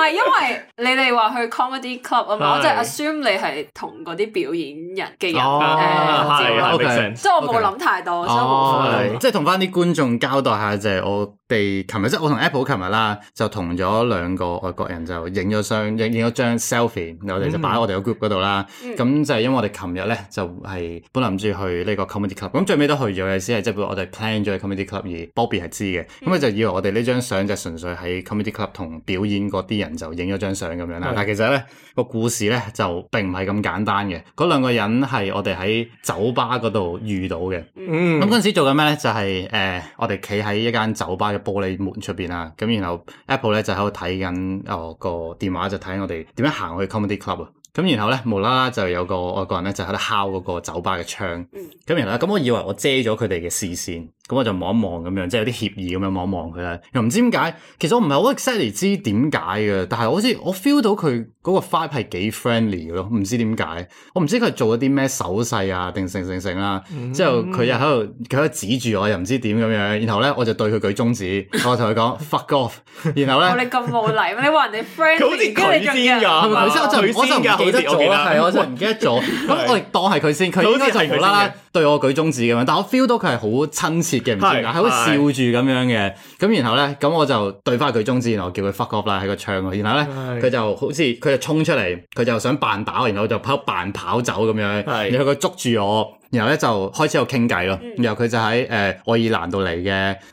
唔係，因為你哋話去 comedy club 啊嘛，我即係 assume 你係同嗰啲表演人嘅人即係、oh, 呃 okay, 我冇諗太多。哦、okay.，oh, 所以我想 oh, 即係同翻啲觀眾交代下就係、是、我。哋琴日即係我同 Apple 琴日啦，就同咗兩個外國人就影咗相，影影咗張 selfie，我哋就擺喺我哋個 group 嗰度啦。咁、嗯嗯、就係因為我哋琴日咧就係、是、本嚟唔中意去呢個 comedy club，咁最尾都去咗嘅，先係即係我哋 plan 咗去 comedy club 而 Bobby 係知嘅，咁佢就以為我哋呢張相就純粹喺 comedy club 同表演嗰啲人就影咗張相咁樣啦。嗯嗯、但係其實咧個故事咧就並唔係咁簡單嘅，嗰兩個人係我哋喺酒吧嗰度遇到嘅。咁嗰陣時做緊咩咧？就係、是、誒、呃、我哋企喺一間酒吧，玻璃門出邊啊，咁然後 Apple 咧就喺度睇緊哦個電話，就睇緊我哋點樣行去 Comedy Club 啊，咁然後咧無啦啦就有個外國人咧就喺度敲嗰個酒吧嘅窗，咁、嗯、然後咁我以為我遮咗佢哋嘅視線。咁我就望一望咁樣，即係有啲協議咁樣望一望佢咧。又唔知點解，其實我唔係好 excited 知點解嘅，但係好似我 feel 到佢嗰個 five 係幾 friendly 嘅咯，唔知點解。我唔知佢做咗啲咩手勢啊，定剩剩剩啦。之後佢又喺度，佢喺度指住我，又唔知點咁樣。然後咧，我就對佢舉中指，我同佢講 fuck off。然後咧，你咁冇禮你話人哋 friend 好似你先啊？係咪先？我就我就唔記得咗，係我就唔記得咗。咁我亦當係佢先，佢應該就無啦啦對我舉中指咁樣。但我 feel 到佢係好親切。嘅唔知啊，係 *music* 好笑住咁樣嘅，咁是然後咧，咁我就對翻佢中指，然後我叫佢 fuck off 啦，喺個窗，然後咧佢，是就好似佢就衝出嚟，佢就想扮打，然後就跑扮跑走咁樣，然後佢捉住我。然後咧就開始有傾偈咯，然後佢就喺誒、呃、愛爾蘭度嚟嘅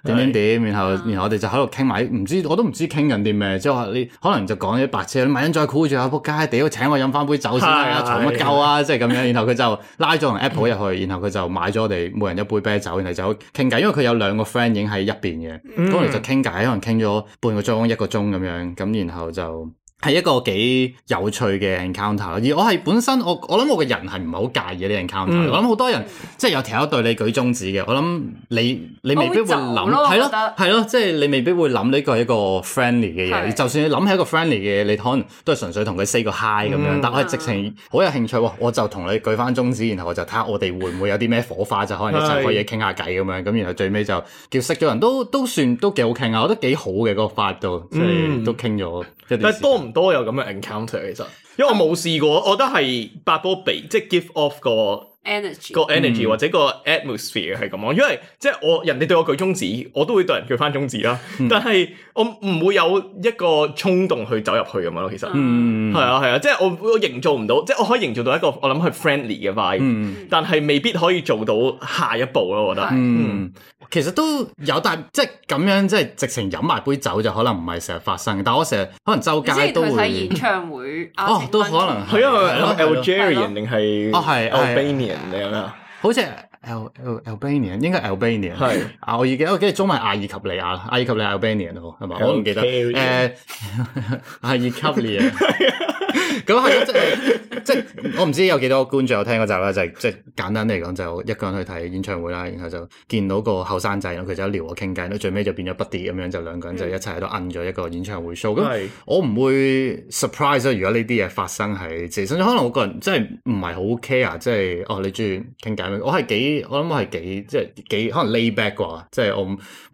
點點點，然後然後我哋就喺度傾埋，唔知我都唔知傾緊啲咩，即係話你可能就講啲白痴，你咪再箍住下仆街，點會請我飲翻杯酒先啊？嘈乜夠啊？即係咁樣，然後佢就拉咗人 Apple 入去， *laughs* 然後佢就買咗我哋每人一杯啤酒，然後就傾偈，因為佢有兩個 friend 已經喺入邊嘅，嗰陣、嗯、就傾偈，可能傾咗半個鐘一個鐘咁樣，咁然後就。係一個幾有趣嘅 encounter，而我係本身我我諗我個人係唔係好介意呢 encounter。我諗好多人即係有條友對你舉中指嘅，我諗你你未必會諗係咯係咯，即係你未必會諗呢個係一個 friendly 嘅嘢。就算你諗起一個 friendly 嘅嘢，你可能都係純粹同佢 say 個 hi 咁樣。但我係直情好有興趣，我就同你舉翻中指，然後我就睇下我哋會唔會有啲咩火花，就可能一齊開嘢傾下偈咁樣。咁然後最尾就叫識咗人都都算都幾好傾啊！我覺得幾好嘅個法度，即係都傾咗。但係多有咁嘅 encounter 其實，因為我冇試過，我覺得係 Bobby 即係 give off 個 energy 個 energy、嗯、或者個 atmosphere 係咁咯，因為即係我人哋對我舉中指，我都會對人舉翻中指啦。但係我唔會有一個衝動去走入去咁樣咯。其實係啊係啊，即係我我營造唔到，即係我可以營造到一個我諗係 friendly 嘅 vibe、嗯、但係未必可以做到下一步咯。我覺得是嗯。嗯其實都有，但即係咁樣，即係直情飲埋杯酒就可能唔係成日發生。但係我成日可能周街都會。之前佢睇演唱會哦，都可能。佢因為 Algerian 定係哦，係 Albanian 你嚟啊？好似 Al Al Albanian，應該 Albanian 係。啊，我而家我記得中埋阿爾及利亞，阿爾及利亞 Albanian 係嘛？我唔記得。阿爾及利亞。咁係即係即係，我唔知有幾多觀眾有聽嗰啦，就係即係簡單嚟講，就一個人去睇演唱會啦，然後就見到個後生仔咁，佢就撩我傾偈啦，最尾就變咗不敵咁樣，就兩個人就一齊度摁咗一個演唱會 show。咁我唔會 surprise 如果呢啲嘢發生喺自身，可能我個人真係唔係好 care，即係哦你中意傾偈咩？我係幾我諗我係幾即係幾可能 layback 啩，即係我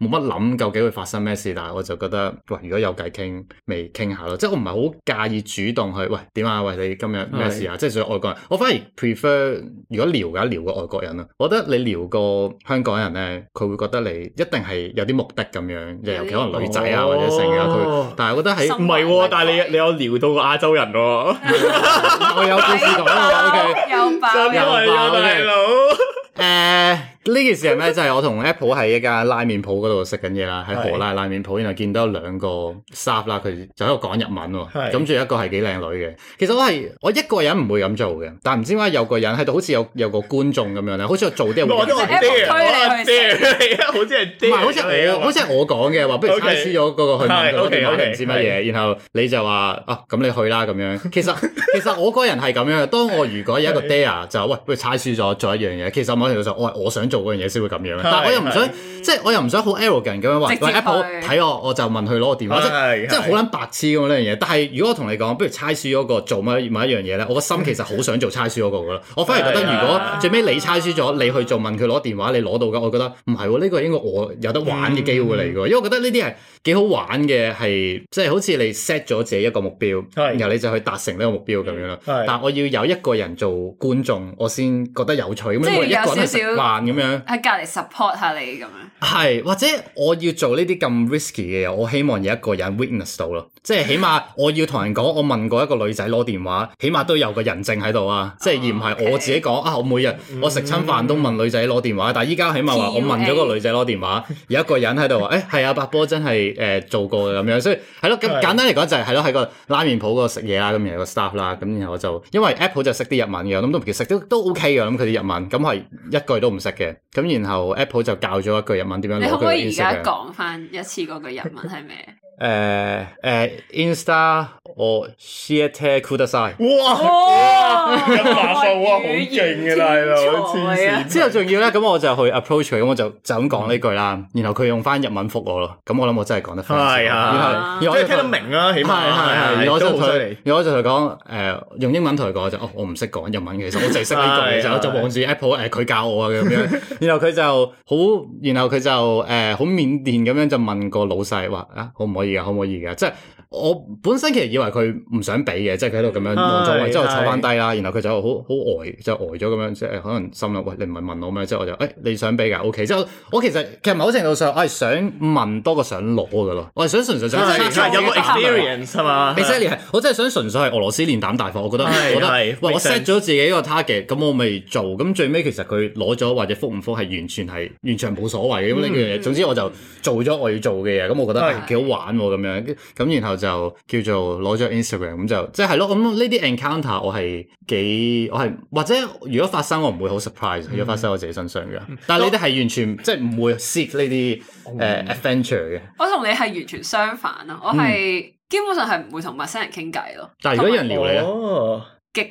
冇乜諗究竟會發生咩事，但係我就覺得喂，如果有偈傾，未傾下咯，即係我唔係好介意主動去。喂，點啊？喂，你今日咩事啊？是即係想外國人，我反而 prefer 如果聊嘅聊個外國人咯。我覺得你聊個香港人咧，佢會覺得你一定係有啲目的咁樣，嗯、尤其可能女仔啊或者性啊佢。但係我覺得喺唔係，但係你你有聊到個亞洲人喎、啊。 *laughs* *laughs* 我有故事講喎。O、okay, K *laughs* 爆。有把，有、okay、把。O K。呢件事係咩？就係、是、我同 Apple 喺一家拉麵鋪嗰度食緊嘢啦，喺荷內拉麵鋪，然後見到兩個 staff，佢就喺度講日文喎。咁仲有一個係幾靚女嘅。其實我係我一個人唔會咁做嘅，但係唔知點解有個人喺度好似有有個觀眾咁樣咧，好似做啲嘢。 *laughs* 我做啲嘅， *laughs* 好啲嘅，似係唔係好似我，好似係我講嘅話，不如猜輸咗嗰個去，唔知乜嘢， *laughs* 然後你就話啊咁你去啦咁樣。其實其實我個人係咁樣，當我如果有一個 dare 就喂，不如猜輸咗做一樣嘢。其實我冇提到就我係、哎、我想做嗰樣嘢先會咁樣， *laughs* 但係我、, *laughs* 嗯、我又唔想即係我又唔想好 arrogant 咁樣話，喂 Apple 睇我我就問佢攞個電話，即係好撚白痴咁樣樣嘢。但係如果我同你講，不如猜輸。嗰個做乜買一樣嘢咧？我個心其實好想做猜輸嗰個噶咯。我反而覺得，如果最尾你猜輸咗，你去做問佢攞電話，你攞到嘅，我覺得唔係喎。呢、呢個應該我有得玩嘅機會嚟嘅喎。嗯、因為我覺得呢啲係幾好玩嘅，係即係好似你 set 咗自己一個目標，然後你就去達成呢個目標咁樣啦。的但我要有一個人做觀眾，我先覺得有趣。即係有少少難咁樣喺隔離 support 下你咁樣。係或者我要做呢啲咁 risky 嘅嘢，我希望有一個人 witness 到咯。即係起碼我要同人講，我問過一個女女仔攞電話，起碼都有個人證喺度啊！即係、oh, 而唔係我自己講 okay. 啊！我每日我食親飯都問女仔攞電話，mm hmm. 但係依家起碼話我問咗個女仔攞電話， *laughs* 有一個人喺度話，誒係、 *laughs* 哎、啊，8 Ball 真係誒、呃、做過嘅咁樣。所以係咯，咁簡單嚟講就係係咯，喺個拉麵鋪嗰度食嘢啦，咁然後個 staff 啦，咁然後我就因為 Apple 就識啲日文嘅，咁都其實都都 OK 嘅，咁佢啲日文，咁我係一句都唔識嘅，咁然後 Apple 就教咗一句日文點樣攞佢。你可唔可以而家講翻一次嗰句日文係咩？ *laughs* 誒誒，Insta 我 shite kudasai 哇！咁馬秀啊，好勁啊，大佬。之後仲要咧，咁我就去 approach 佢，咁我就就咁講呢句啦。然後佢用翻日文覆我咯。咁我諗我真係講得翻。係啊。然後可以聽得明啊，起碼。係係係。都好犀利。然後我就同佢講，誒，用英文同佢講就，哦，我唔識講日文，其實我淨係識呢句，其實我就望住 Apple，誒，佢教我啊咁樣。然後佢就好，然後佢就，誒，好緬甸咁樣就問個老細話，啊，可唔可以？ *music* 可唔可以嘅？即係我本身其實以為佢唔想俾嘅，即係喺度咁樣即位之後錯翻低啦。然後佢就好好呆，就呆咗咁樣，即係可能心諗：喂，你唔係問我咩？即係我就誒你想俾㗎？OK。即係我，我其實其實某程度上，我係想問多過想攞嘅咯。我係想純粹想有個 experience 啊嘛。你真係我真係想純粹係俄羅斯練膽大法。我覺得我覺得是、嗯、喂，我 set 咗自己一個 target，咁我咪做。咁最尾其實佢攞咗或者覆唔覆係完全係完全冇所謂嘅咁樣嘅嘢。總之我就做咗我要做嘅嘢，咁、嗯、 *music* 我覺得係幾好玩。咁樣，咁然後就叫做攞咗 Instagram，咁就即係咯。咁呢啲 encounter 我係幾，我係或者如果發生我唔會好 surprise、嗯、如果發生我自己身上嘅。嗯、但係你哋係完全即係唔會 seek 呢啲誒 adventure 嘅的。我同你係完全相反咯！我係、嗯、基本上係唔會同陌生人傾偈咯。但係如果有人撩你咧，極、哦、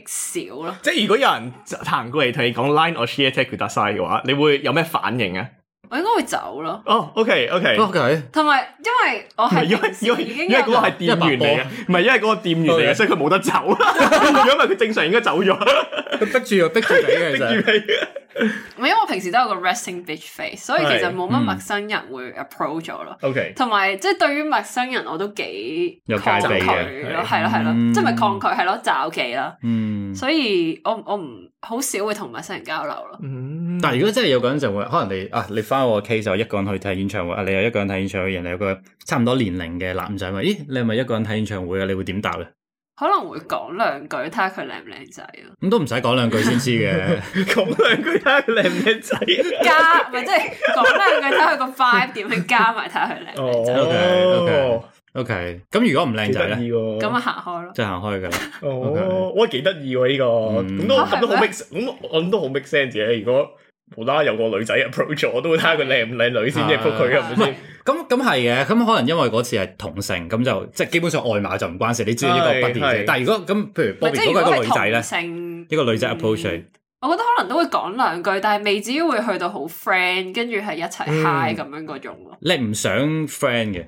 少咯。即係如果有人行過嚟同你講 Line or Shiretake with 打晒嘅話，你會有咩反應啊？我應該會走咯。哦，OK，OK，OK。同埋，因為我係因為已經因為嗰個係店員嚟嘅，唔係因為嗰個店員嚟嘅，所以佢冇得走。如果唔係，佢正常應該走咗。逼住又逼住你。唔係，因為我平時都有個 resting bitch face，所以其實冇乜陌生人會 approach 咗咯。OK。同埋，即係對於陌生人，我都幾抗拒咯，係咯，係咯，即係咪抗拒係咯，找忌啦。嗯。所以我我唔。好少會同陌生人交流咯，嗯。但係如果真係有個人就會，可能你啊，你翻我 case 就一個人去睇演唱會，啊，你又一個人睇演唱會，人哋有個差唔多年齡嘅男仔嘛，咦，你係咪一個人睇演唱會啊？你會點答咧？可能會講兩句，睇下佢靚唔靚仔啊。咁，嗯、都唔使講兩句先知嘅，講兩 *laughs* *laughs* 句睇下佢靚唔靚仔，加咪即係講兩句睇下佢個 five 點去加埋睇下佢靚唔靚仔。Oh, okay, okay. 哦 O K，咁如果唔靚仔咧，咁啊行開咯，即係行開噶啦。我係幾得意喎呢個，咁都都好 make，咁咁都好 make sense 嘅。如果無啦有個女仔 approach 咗，我都會睇下佢靚唔靚女先，即係扑佢嘅，唔係。咁咁係嘅，咁可能因為嗰次係同性，咁就即係基本上外貌就唔關事。你知呢個不掂嘅。但係如果咁，譬如 Bobby 嗰個女仔性，呢個女仔 approach，我覺得可能都會講兩句，但係未至於會去到好 friend，跟住係一齊 high 咁樣嗰種你唔想 friend 嘅，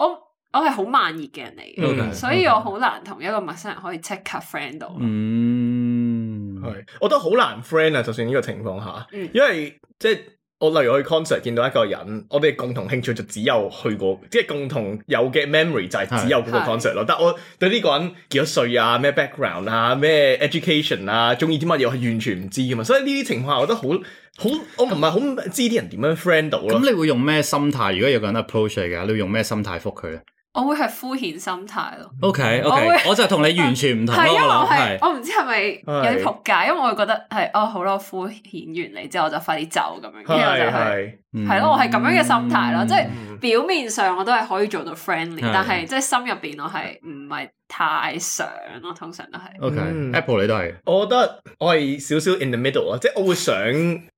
我。我係好慢熱嘅人嚟嘅，okay, okay, 所以我好難同一個陌生人可以即刻 friend 到。嗯，係，我覺得好難 friend 啊！就算呢個情況下，嗯、因為即係、就是、我例如去 concert 見到一個人，我哋共同興趣就只有去過，即、就、係、是、共同有嘅 memory 就係只有嗰個 concert 咯是。但我對呢個人幾多歲啊？咩 background 啊？咩 education 啊？中意啲乜嘢？我係完全唔知噶嘛。所以呢啲情況下我覺得，我都好好，我唔係好知啲人點樣 friend 到咯。咁你會用咩心態？如果有個人 approach 你嘅，你會用咩心態覆佢咧？我會係敷衍心態咯。O K O K，我就同你完全唔同咯。係、嗯、因為我係是我唔知係咪有啲扑街是因為我會覺得係哦，好咯，敷衍完你之後我就快啲走咁樣。我係係，係咯，我係咁樣嘅心態咯。即係表面上我都係可以做到 friendly，的但係即係心入邊我係唔係。太想咯，我通常都係。OK，Apple Okay,、嗯、你都係。我覺得我係少少 in the middle 啊，即係我會想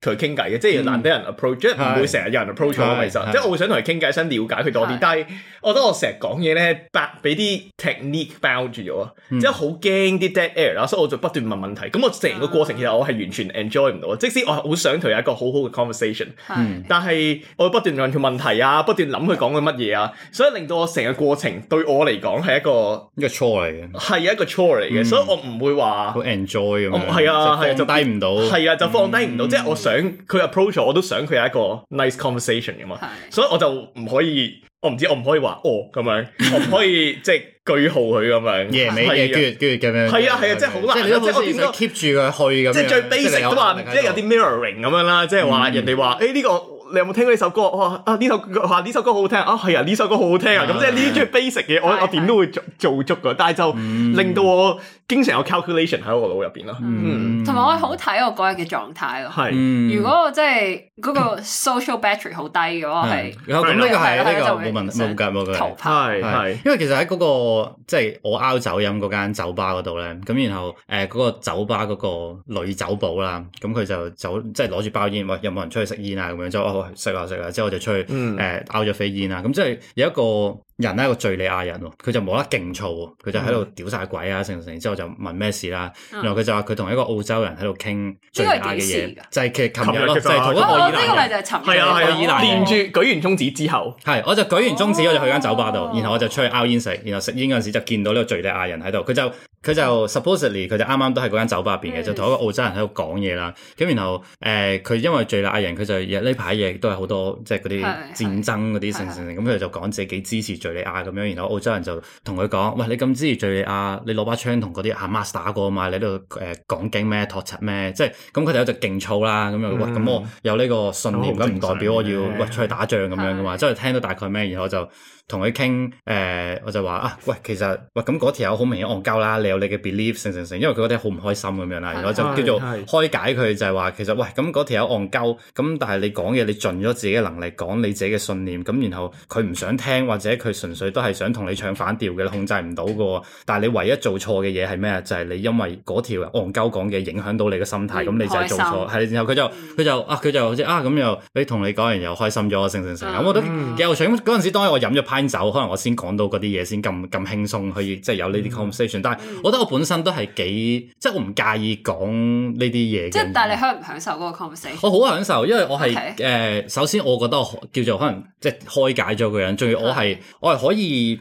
同佢傾偈嘅， *laughs* 即係難俾人 approach，即係唔是會成日有人 approach 我，其實，即係我會想同佢傾偈，想了解佢多啲。是但係我覺得我成日講嘢咧，俾啲 technique bound 住咗，是即係好驚啲 dead air 啦，所以我就不斷問問題。咁、嗯、我成個過程其實我係完全 enjoy 唔到，即使我係好想同佢有一個好好嘅 conversation，是但係我會不斷問佢問題啊，不斷諗佢講緊乜嘢啊，所以令到我成個過程對我嚟講係一個。一個錯嚟嘅，係一個錯嚟嘅，所以我唔會話好 enjoy 咁，係啊，係就低唔到，係啊，就放低唔到，即係我想佢 approach 我，我都想佢有一個 nice conversation 噶嘛，所以我就唔可以，我唔知我唔可以話哦咁樣，我唔可以即係句號佢咁樣，結尾嘅絕絕咁樣，係啊係啊，即係好難，即係好似想 keep 住佢去咁，即係最 basic 都話即係有啲 mirroring 咁樣啦，即係話人哋話誒呢個。你有冇聽過呢首歌？哇！啊呢首，呢首歌好、啊、好聽啊！係啊，呢、啊、首歌好好聽啊！咁 *music* 即係呢啲最 basic 嘅，我我點都會做做足㗎。但係就、嗯、令到我。經常有 calculation 喺我腦入邊啦，嗯，同埋我好睇我嗰日嘅狀態咯，係。嗯，如果我即係嗰個 social battery 好低嘅話，係。咁呢個係呢個冇問冇㗎冇㗎，係係。因為其實喺嗰個即係我拗酒飲嗰間酒吧嗰度咧，咁然後誒嗰個酒吧嗰個女酒保啦，咁佢就走即係攞住包煙，喂有冇人出去食煙啊？咁樣之後哦食啊食啊，啊，之後我就出去誒拗咗飛煙啊。咁即係有一個。人係個敍利亞人喎，佢就冇得勁躁，佢就喺度屌晒鬼啊！成成，之後就問咩事啦。然後佢就話佢同一個澳洲人喺度傾敍利亞嘅嘢，就係其實琴日咯，就係同一個敍利亞人。係啊係啊，掂住後、啊、舉完中指之後，係我就舉完中指我就去間酒吧度，然後我就出去 Out 吸煙食，然後食煙嗰陣時就見到呢個敍利亞人喺度，佢就佢就 supposedly 佢就啱啱都喺嗰間酒吧入邊嘅，就同一個澳洲人喺度講嘢啦。咁 Yes. 然後誒佢、呃、因為敍利亞人佢就呢排嘢都係好多即係嗰啲戰爭嗰啲成成成，咁佢就講自己幾支持敘利亞咁樣，然後澳洲人就同佢講，喂，你咁支持敘利亞，你攞把槍同嗰啲阿媽打過嘛？你喺度誒講經咩？托柒咩？即係咁，佢哋有隻勁燥啦。咁樣，喂，咁我有呢個信念，咁唔代表我要喂出去打仗咁樣噶嘛？即係聽到大概咩，然後就同佢傾誒，我、yes, yes , yes. 就話啊，喂，其實喂，咁嗰條友好明顯戇鳩啦，你有你嘅 belief，成成成，因為佢嗰啲好唔開心咁樣啦。然後就叫做開解佢，就係話其實喂，咁嗰條友戇鳩，咁但係你講嘢，你盡咗自己嘅能力講你自己嘅信念，咁然後佢唔想聽，或者佢。純粹都係想同你唱反調嘅，控制唔到嘅。但係你唯一做錯嘅嘢係咩？就係你因為嗰條戇鳩講嘅影響到你嘅心態，咁你就係做錯。係，然後佢就佢就啊佢就好似啊咁又，哎，同你講完又開心咗，成成成。咁我覺得又想嗰陣時，當日我飲咗 Pine 酒，可能我先講到嗰啲嘢先咁咁輕鬆，可以即係有呢啲 conversation。但係我覺得我本身都係幾即係我唔介意講呢啲嘢嘅。即係但係你享唔享受嗰個 conversation？我好享受，因為我係誒。首先我覺得叫做可能即係開解咗個人，仲要我係可以誒喺、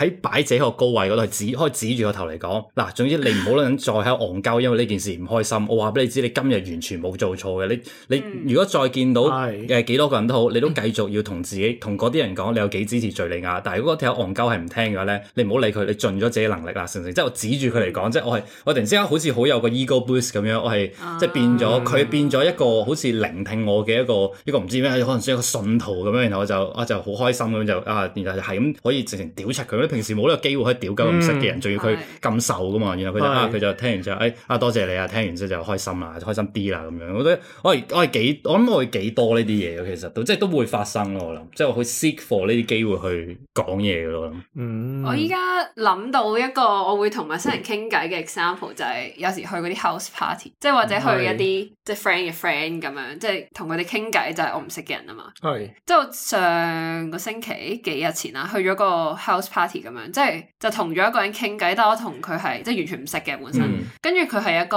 呃、擺者個高位嗰度指，可以指住個頭嚟講嗱。總之你唔好諗再喺戇鳩， *laughs* 因為呢件事唔開心。我話俾你知，你今日完全冇做錯嘅。你你如果再見到誒幾、嗯呃、多個人都好，你都繼續要同自己同嗰啲人講，你有幾支持敍利亞。但係如果睇下戇鳩係唔聽嘅話咧，你唔好理佢，你盡咗自己能力啦，成成？即係我指住佢嚟講，即係我係我突然之間好似好有個 ego boost 咁樣，我係即係變咗佢變咗一個好似聆聽我嘅一個一個唔知咩，可能算一個信徒咁樣。然後我就啊就好開心咁就啊～然後就係咁可以直情屌柒佢，你平時冇呢個機會可以屌鳩唔識嘅人，仲、嗯、要佢咁瘦噶嘛？的然後佢就佢的就聽完之後，誒、哎、啊多謝你啊！聽完之後就開心啦，就開心啲啦咁樣。我覺得我我係幾我諗我會幾多呢啲嘢嘅，其實都即係都會發生咯。我諗即係去 seek for 呢啲機會去講嘢嘅咯。我嗯，我依家諗到一、一個我會同陌生人傾偈嘅 example 就係有時去嗰啲 house party，即係的或者去一啲即係 friend 嘅 friend 咁樣，即係同佢哋傾偈就係我唔識嘅人啊嘛。係的，即係我上個星期幾日前啦，去咗個 house party 咁樣，即係就同咗一個人傾偈，但係我同佢係即係完全唔識嘅本身。跟住佢係一個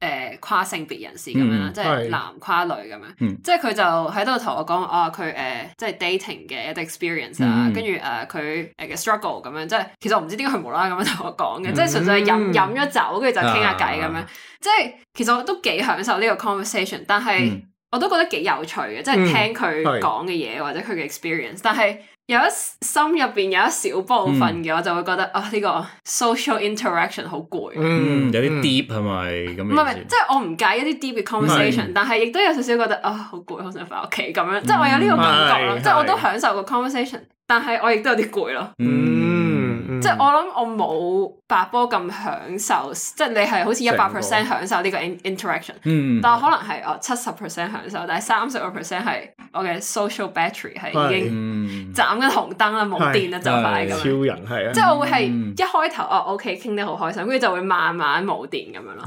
誒跨性別人士咁樣啦，即係男跨女咁樣。即係佢就喺度同我講啊，佢誒即係 dating 嘅一啲 experience 啊，跟住誒佢誒嘅 struggle 咁樣。即係其實我唔知點解佢無啦啦咁樣同我講嘅，嗯、即係純粹飲飲咗酒，跟住就傾下偈咁樣。即係、嗯嗯、其實我都幾享受呢個 conversation，但係我都覺得幾有趣嘅，即係聽佢講嘅嘢，或者佢嘅 experience，但係。有一心入邊有一小部分嘅，嗯、我就會覺得啊、呢、這個 social interaction 好攰啊，嗯，有啲 deep 係咪咁？唔係唔係，即係我唔介意一啲 deep 嘅 conversation，是但係亦都有少少覺得啊好攰，好想翻屋企咁樣，嗯、即係我有呢個感覺咯，是即係我都享受個 conversation，的但係我亦都有啲攰咯。嗯嗯即係我諗，我冇八波咁享受，即係你係好似一百 percent 享受呢個 interaction，嗯、但係可能係哦七十 percent 享受，但係三十個 percent 係我嘅 social battery 係已經斬緊紅燈啦，冇是電啦是就快咁樣。超人係啊！即係我會係一開頭哦，O K，傾得好開心，跟住、嗯、就會慢慢冇電咁樣咯。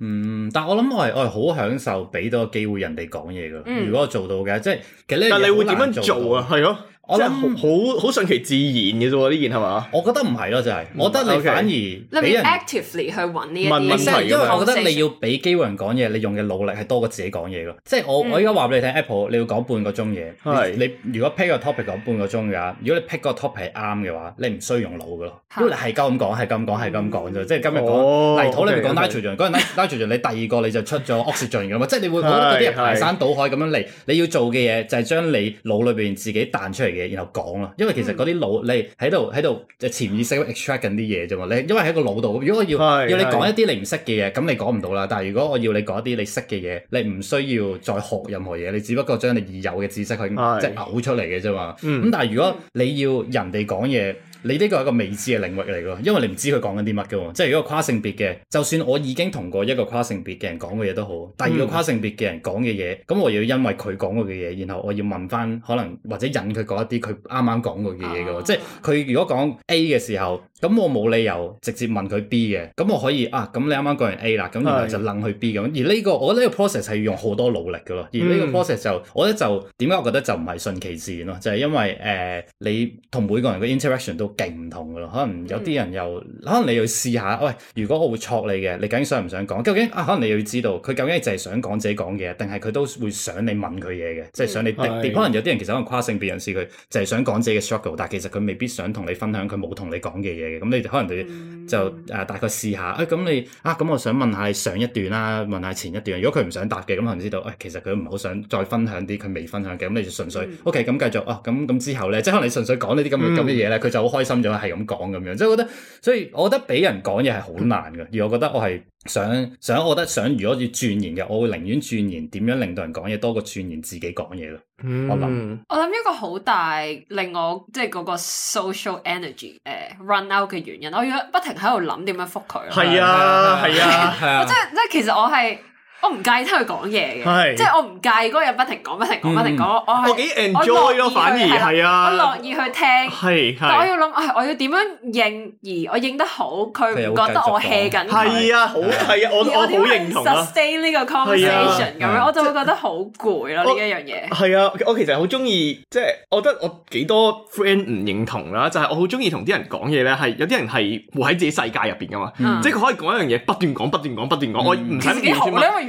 嗯，但係我諗我係我係好享受俾到個機會人哋講嘢噶。嗯、如果我做到嘅，即係但係你會點樣做啊？係咯。我真係好好順其自然嘅啫喎，呢件係嘛？我覺得唔係咯，就係我覺得你反而你 actively 去揾呢一啲問題，因為我覺得你要俾機會人講嘢，你用嘅努力係多過自己講嘢咯。即係我我依家話俾你聽，Apple 你要講半個鐘嘢，你如果 pick 個 topic 講半個鐘嘅話，如果你 pick 個 topic 啱嘅話，你唔需要用腦嘅咯。因為你係咁講，係咁講，係咁講啫。即係今日講泥土裏面講 nitrogen，嗰陣 nitrogen 你第二個你就出咗 oxygen 咁啊！即係，你會覺得嗰啲排山倒海咁樣嚟，你要做嘅嘢就係，將你腦裏邊自己彈出嚟，然後講啦，因為其實嗰啲腦你喺度喺度潛意識 extract 緊啲嘢啫嘛。你因為喺個腦度，如果我要要你講一啲你唔識嘅嘢，咁對你講唔到啦。但係如果我要你講一啲你識嘅嘢，你唔需要再學任何嘢，你只不過將你已有嘅知識去即係嘔出嚟嘅啫嘛。咁對但係如果你要人哋講嘢。你呢個係一個未知嘅領域嚟㗎，因為你唔知佢講緊啲乜嘅喎。即係如果跨性別嘅，就算我已經同過一個跨性別嘅人講過嘢都好，第二個跨性別嘅人講嘅嘢，咁、嗯、我要因為佢講過嘅嘢，然後我要問翻可能或者引佢講一啲佢啱啱講過嘅嘢嘅喎。啊、即係佢如果講 A 嘅時候。咁我冇理由直接問佢 B 嘅，咁我可以啊，咁你啱啱講完 A 啦，咁然後就楞佢 B 咁。是而呢、這個我覺得呢個 process 係要用好多努力嘅咯。而呢個 process 就我覺得就點解我覺得就唔係順其自然咯，就係、是、因為誒、呃、你同每個人嘅 interaction 都勁唔同嘅咯。可能有啲人又可能你要試下，喂，如果我會戳你嘅，你究竟想唔想講？究竟啊，可能你要知道佢究竟就係想講自己講嘢，定係佢都會想你問佢嘢嘅，即、就、係、是、想你點？嗯、可能有啲人其實可能跨性別人士佢就係想講自己嘅 struggle，但其實佢未必想同你分享佢冇同你講嘅嘢。咁你就可能你就誒大概試下，誒、哎、咁你啊咁我想問下上一段啦，問下前一段。如果佢唔想答嘅，咁可能知道，誒、哎、其實佢唔好想再分享啲佢未分享嘅。咁你就純粹、嗯、OK，咁繼續哦。咁、啊、咁之後咧，即係可能你純粹講呢啲咁嘅咁嘅嘢咧，佢就好開心咗，係咁講咁樣。即係我覺得，所以我覺得俾人講嘢係好難嘅。嗯、而我覺得我係。想想我覺得想，如果要轉言嘅，我會寧願轉言點樣令到人講嘢多過轉言自己講嘢咯。嗯。我諗我諗一個好大令我即係嗰個 social energy 誒、uh, run out 嘅原因，我要不停喺度諗點樣覆佢。係啊係啊係啊，即係即係其實我係。我唔介意聽佢講嘢嘅，即係我唔介意嗰個人不停講、不停講、不停講，我係我幾 enjoy 咯，反而係啊，我樂意去聽，但係我要諗，我要點樣應？而我應得好，佢唔覺得我 hea 緊。係啊，好，係啊，我我好認同啊。我啲 stay 呢個 conversation 咁樣，我就會覺得好攰咯呢一樣嘢。係啊，我其實好中意，即係我覺得我幾多 friend 唔認同啦，就係我好中意同啲人講嘢咧，係有啲人係活喺自己世界入邊噶嘛，即係佢可以講一樣嘢，不斷講、不斷講、不斷講，我唔想自己學咧，因為。對我嚟講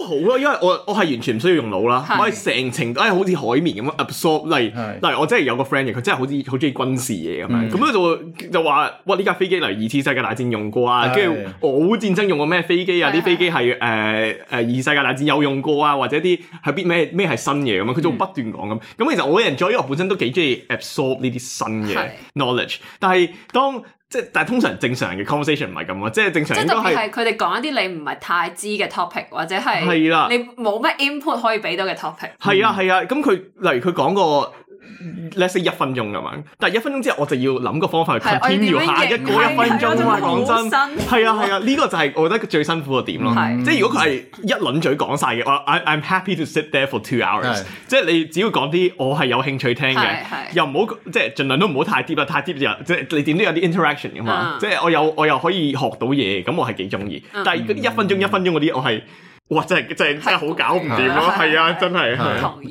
好好咯，因為我我係完全唔需要用腦啦，是我係成程都係好似海綿咁樣 absorb。Abs orb，例如是例如我真係有個 friend 嘅，佢真係好似好中意軍事嘢咁樣，咁佢、嗯、就就話哇呢架飛機嚟二次世界大戰用過啊，跟住俄烏戰爭用過咩飛機啊？啲的飛機係誒誒二次世界大戰有用過啊，或者啲係咩咩係新嘢咁樣，佢就不斷講咁。咁、嗯、其實我 enjoy，因為我本身都幾中意 absorb 呢啲新嘅 knowledge，的但係當。即係，但係通常正常嘅 conversation 唔係咁啊，即係正常都係佢哋講一啲你唔係太知嘅 topic，或者係係啦，你冇乜 input 可以俾到嘅 topic。係啊係啊，咁佢、啊、例如佢講個。less 一分鐘噶嘛，但係一分鐘之後我就要諗個方法去 continue 下一個一分鐘。真係啊係啊，呢個就係我覺得最辛苦嘅點咯。即係如果佢係一輪嘴講晒嘅，我 I I'm happy to sit there for two hours。即係你只要講啲我係有興趣聽嘅，又唔好即係儘量都唔好太 d e 太 d e 就即係你點都有啲 interaction 噶嘛。即係我有我又可以學到嘢，咁我係幾中意。但係嗰啲一分鐘一分鐘嗰啲，我係。哇！真係真係真係好搞唔掂咯，係啊，真係。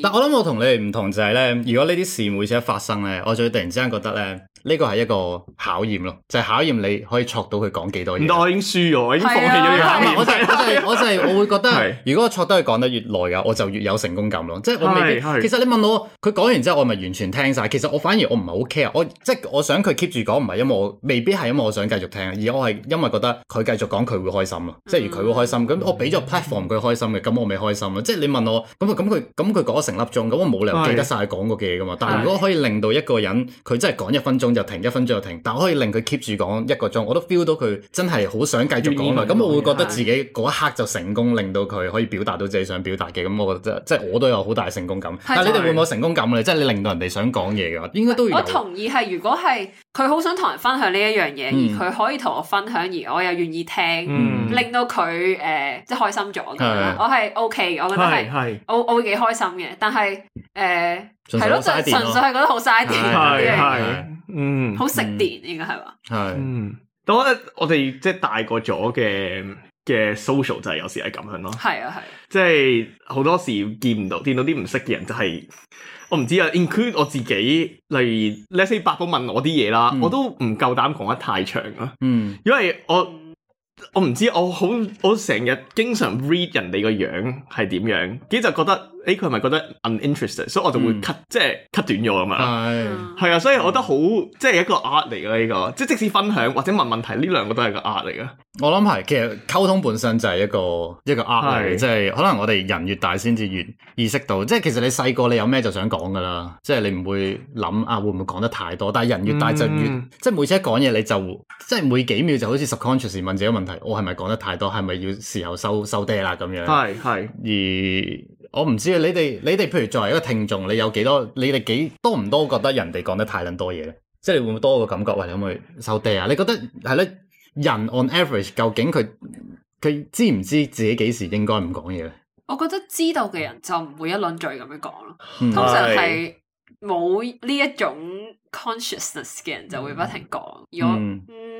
但我諗我同你哋唔同就係咧，如果呢啲事每次一發生咧，我就突然之間覺得咧。呢個係一個考驗咯，就係、是、考驗你可以駙到佢講幾多嘢。唔得，我已經輸咗，已經放棄咗呢個考驗。我就係、是啊、我就係、是我，就是、我會覺得，是如果駙得佢講得越耐啊，我就越有成功感咯。即係我未必。其實你問我，佢講完之後，我咪完全聽晒。其實我反而我唔係好 care，我即係我想佢 keep 住講，唔係因為我未必係因為我想繼續聽，而我係因為覺得佢繼續講佢會開心咯。即係而佢會開心，咁我俾咗 platform 佢開心嘅，咁、mm. 我咪開心咯。即係你問我，咁佢咁佢咁講咗成粒鐘，咁我冇理由記得晒佢講過嘅嘢噶嘛？是但係如果可以令到一個人佢真係講一分鐘，是就停一分鐘就停，但我可以令佢 keep 住講一個鐘，我都 feel 到佢真係好想繼續講啦。咁、嗯、我會覺得自己嗰一刻就成功令到佢可以表達到自己想表達嘅，咁我覺得即即我都有好大成功感。的但你哋會冇成功感咧？的即你令到人哋想講嘢嘅話，應該都我同意係。如果係佢好想同人分享呢一樣嘢，嗯、而佢可以同我分享，而我又願意聽，令到佢誒即開心咗的的我係 OK。我覺得係的的，我我會幾開心嘅。但係誒。Uh, 係咯，即係純粹係覺得好嘥電，電，係係，嗯，好食電應該係話，係，當我哋即係大個咗嘅嘅 social 就係有時係咁樣咯，係啊係，即係好多時見唔到，見到啲唔識嘅人就係、是，我唔知啊，include 我自己，例如 let's say 8 Ball 問我啲嘢啦，嗯、我都唔夠膽講得太長啦，嗯，因為我。我唔知，我好我成日經常 read 人哋個樣係點樣，幾就覺得，誒佢係咪覺得 uninterested？所以我就會 cut，嗯、即係 cut 短咗咁嘛。係係啊，所以我覺得好，即係一個 art 嚟嘅，呢個即即使分享或者問問題，呢兩個都係個 art 嚟嘅。我諗係，其實溝通本身就係一個一個 art 嚟嘅，即係是可能我哋人越大先至越意識到，即係其實你細個你有咩就想講噶啦，即係你唔會諗啊會唔會講得太多，但係人越大就越，嗯、即係每次一講嘢你就即係每幾秒就好似 subconscious 問自己問。我係咪講得太多？係咪要時候收收爹啦咁樣？係係。而我唔知啊，你哋你哋，譬如作為一個聽眾，你有幾多？你哋幾多唔多覺得人哋講得太撚多嘢咧？即係會唔會多個感覺？喂，你可唔可以收爹啊？你覺得係咧？人 on average 究竟佢佢知唔知自己幾時應該唔講嘢咧？我覺得知道嘅人就唔會一輪嘴咁樣講咯。通常係冇呢一種 consciousness 嘅人就會不停講。是如果嗯。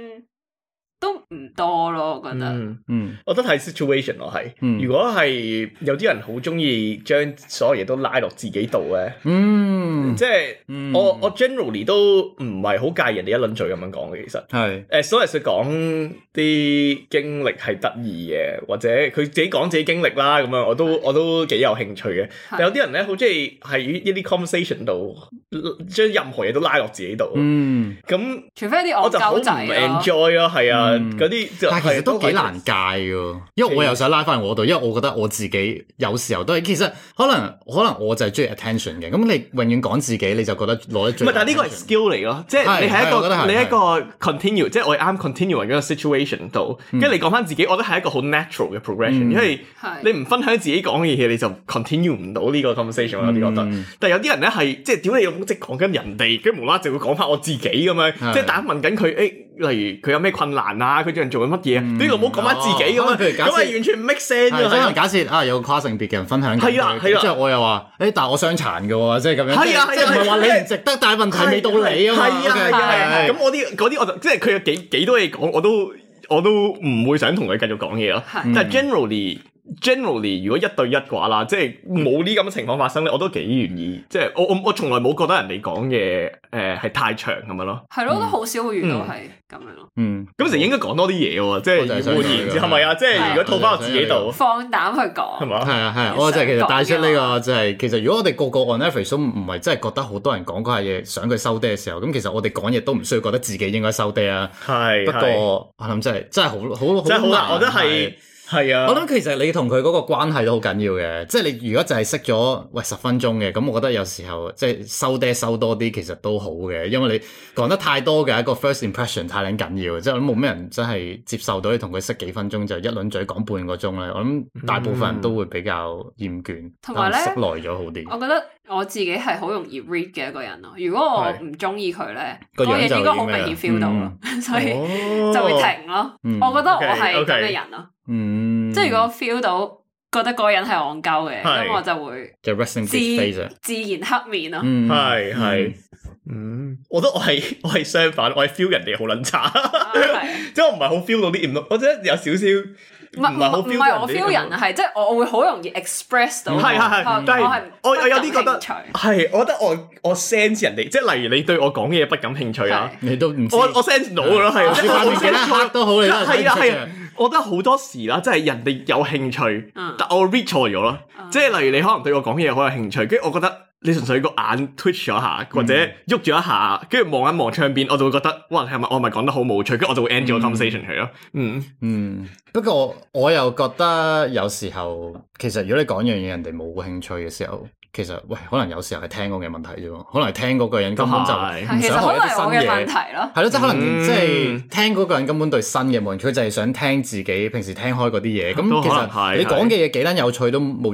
都唔多咯，我覺得。嗯，我覺得睇 situation 咯，係。如果係有啲人好中意將所有嘢都拉落自己度咧，嗯，即係，嗯，我我 generally 都唔係好介意人哋一輪嘴咁樣講嘅，其實係。誒，所謂佢講啲經歷係得意嘅，或者佢自己講自己經歷啦，咁樣我都我都幾有興趣嘅。有啲人咧好中意喺一啲 conversation 度將任何嘢都拉落自己度。嗯。咁，除非啲我就好唔 enjoy 咯，係啊。嗰啲，但其實都幾難戒嘅，因為我又想拉翻我度，因為我覺得我自己有時候都係，其實可能可能我就係中意 attention 嘅。咁你永遠講自己，你就覺得攞得最。但係呢個係 skill 嚟咯，即係你係一個你一個 continue，即係我啱 continue 喺嗰個 situation 度，跟住你講翻自己，我覺得係一個好 natural 嘅 progression，因為你唔分享自己講嘅嘢，你就 continue 唔到呢個 conversation。有啲覺得，但係有啲人咧係即係屌你，即係講緊人哋，跟住無啦啦就會講翻我自己咁樣，即係但係問緊佢誒。例如佢有咩困難啊？佢最近做緊乜嘢啊？呢個唔好講翻自己咁啊，因為完全唔 make sense。假設啊，有個跨性別嘅人分享，係啦係啦，即係我又話，誒，但係我傷殘嘅喎，即係咁樣，即係唔係話你唔值得，但係問題未到你啊嘛，咁我啲啲我就即係佢有幾幾多嘢講，我都我都唔會想同佢繼續講嘢咯。但係 generally。Generally，如果一對一嘅話啦，即係冇呢咁嘅情況發生咧，我都幾願意。即係我我我從來冇覺得人哋講嘢誒係太長咁樣咯。係咯，都好少會遇到係咁樣咯。嗯，咁成日應該講多啲嘢喎，即係換言之係咪啊？即係如果套翻我自己度，放膽去講係嘛？係啊係啊，我就其實帶出呢個就係其實，如果我哋個個 on average 都唔係真係覺得好多人講嗰下嘢想佢收爹嘅時候，咁其實我哋講嘢都唔需要覺得自己應該收爹啊。係，不過我諗真係真係好好真係好難我覺得係。係啊，我諗其實你同佢嗰個關係都好緊要嘅，即係你如果就係識咗喂十分鐘嘅，咁我覺得有時候即係收爹收多啲，其實都好嘅，因為你講得太多嘅，一個 first impression 太撚緊要，即係我諗冇咩人真係接受到你同佢識幾分鐘就一輪嘴講半個鐘咧，我諗大部分人都會比較厭倦，同埋咧識耐咗好啲，我覺得。我自己係好容易 read 嘅一個人咯，如果我唔中意佢咧，我亦應該好明顯 feel 到，所以就會停咯。我覺得我係咁嘅人咯，嗯，即係如果 feel 到覺得個人係戇鳩嘅，咁我就會就自然黑面咯，係係，嗯，我覺得我係我係相反，我係 feel 人哋好撚差，即係我唔係好 feel 到啲唔，我即係有少少。唔係唔係，我 feel 人啊，係即係我會好容易 express 到，係我係我我有啲覺得係，我覺得我我 sense 人哋，即係例如你對我講嘅嘢不感興趣啊，你都唔我我 sense 到咯，係我 sense 錯都好啦，係啊係啊。.我覺得好多時啦，即係人哋有興趣，但我 reach 錯咗咯。即係例如你可能對我講嘢好有興趣，跟住我覺得你純粹個眼 twitch 咗下，或者喐咗一下，跟住望一望窗邊，我就會覺得，哇，係咪我咪講得好冇趣？跟住我就會 end 咗個 conversation 佢咯。嗯嗯，不過我，我又覺得有時候，其實如果你講樣嘢人哋冇興趣嘅時候。其實喂，可能有時候係聽我嘅問題啫喎，可能係聽嗰個人根本就係唔想學一啲新嘅嘢。係咯，即係可能即係聽嗰個人根本對新嘅冇興趣，嗯、就係想聽自己平時聽開嗰啲嘢。咁其實你講嘅嘢幾撚有趣都冇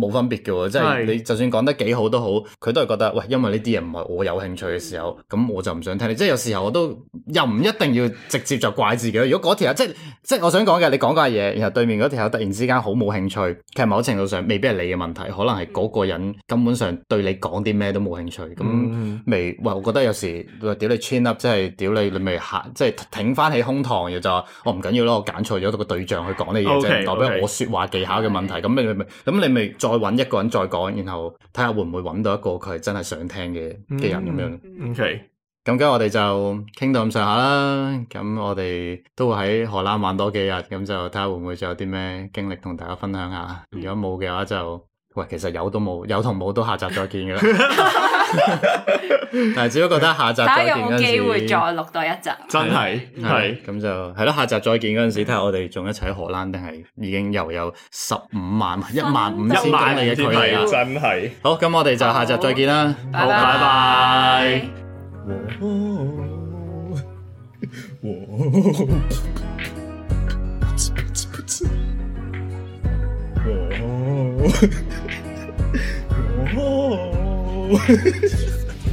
冇分別嘅喎，即係你就算講得幾好都好，佢的都係覺得喂，因為呢啲嘢唔係我有興趣嘅時候，咁、嗯、我就唔想聽你。即係、嗯、有時候我都又唔一定要直接就怪自己咯。如果嗰條友即即係我想講嘅，你講嗰下嘢，然後對面嗰條友突然之間好冇興趣，其實某程度上未必係你嘅問題，可能係嗰個人、嗯。根本上對你講啲咩都冇興趣，咁未？哇、哎！我覺得有時話屌你穿 up，即係屌你你未行，即係挺翻起胸膛，又就話我唔緊要咯，我揀錯咗個對象去講呢嘢，okay，即係代表我說話技巧嘅問題。咁 Okay.、嗯、你咪咁你咪再揾一個人再講，然後睇下會唔會揾到一個佢真係想聽嘅嘅人咁、嗯、樣。OK，咁跟我哋就傾到咁上下啦。咁我哋都會喺荷蘭玩多幾日，咁就睇下會唔會仲有啲咩經歷同大家分享下。如果冇嘅話就。喂，其實有都冇，有同冇都下集再見嘅啦。 *laughs* *laughs* 但係，只不過覺得下集再見。睇下有冇機會再錄多一集。真係，係咁對是就係啦。下集再見嗰陣時，睇下對我哋仲一齊喺荷蘭，定係已經又有十五萬、一萬五千米嘅距離。真係。好，咁我哋就下集再見啦。拜拜。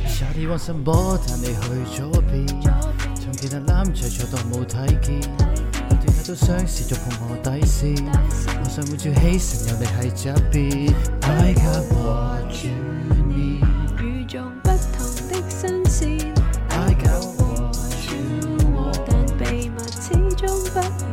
Shawty want somebody，但你去咗邊。從其他攬住坐到，冇睇見。邊我轉眼都相視，再碰我底線。邊我想每朝起身，又你喺側邊。I got what you need，與眾不同的新鮮。I got what you want，但秘密始終不。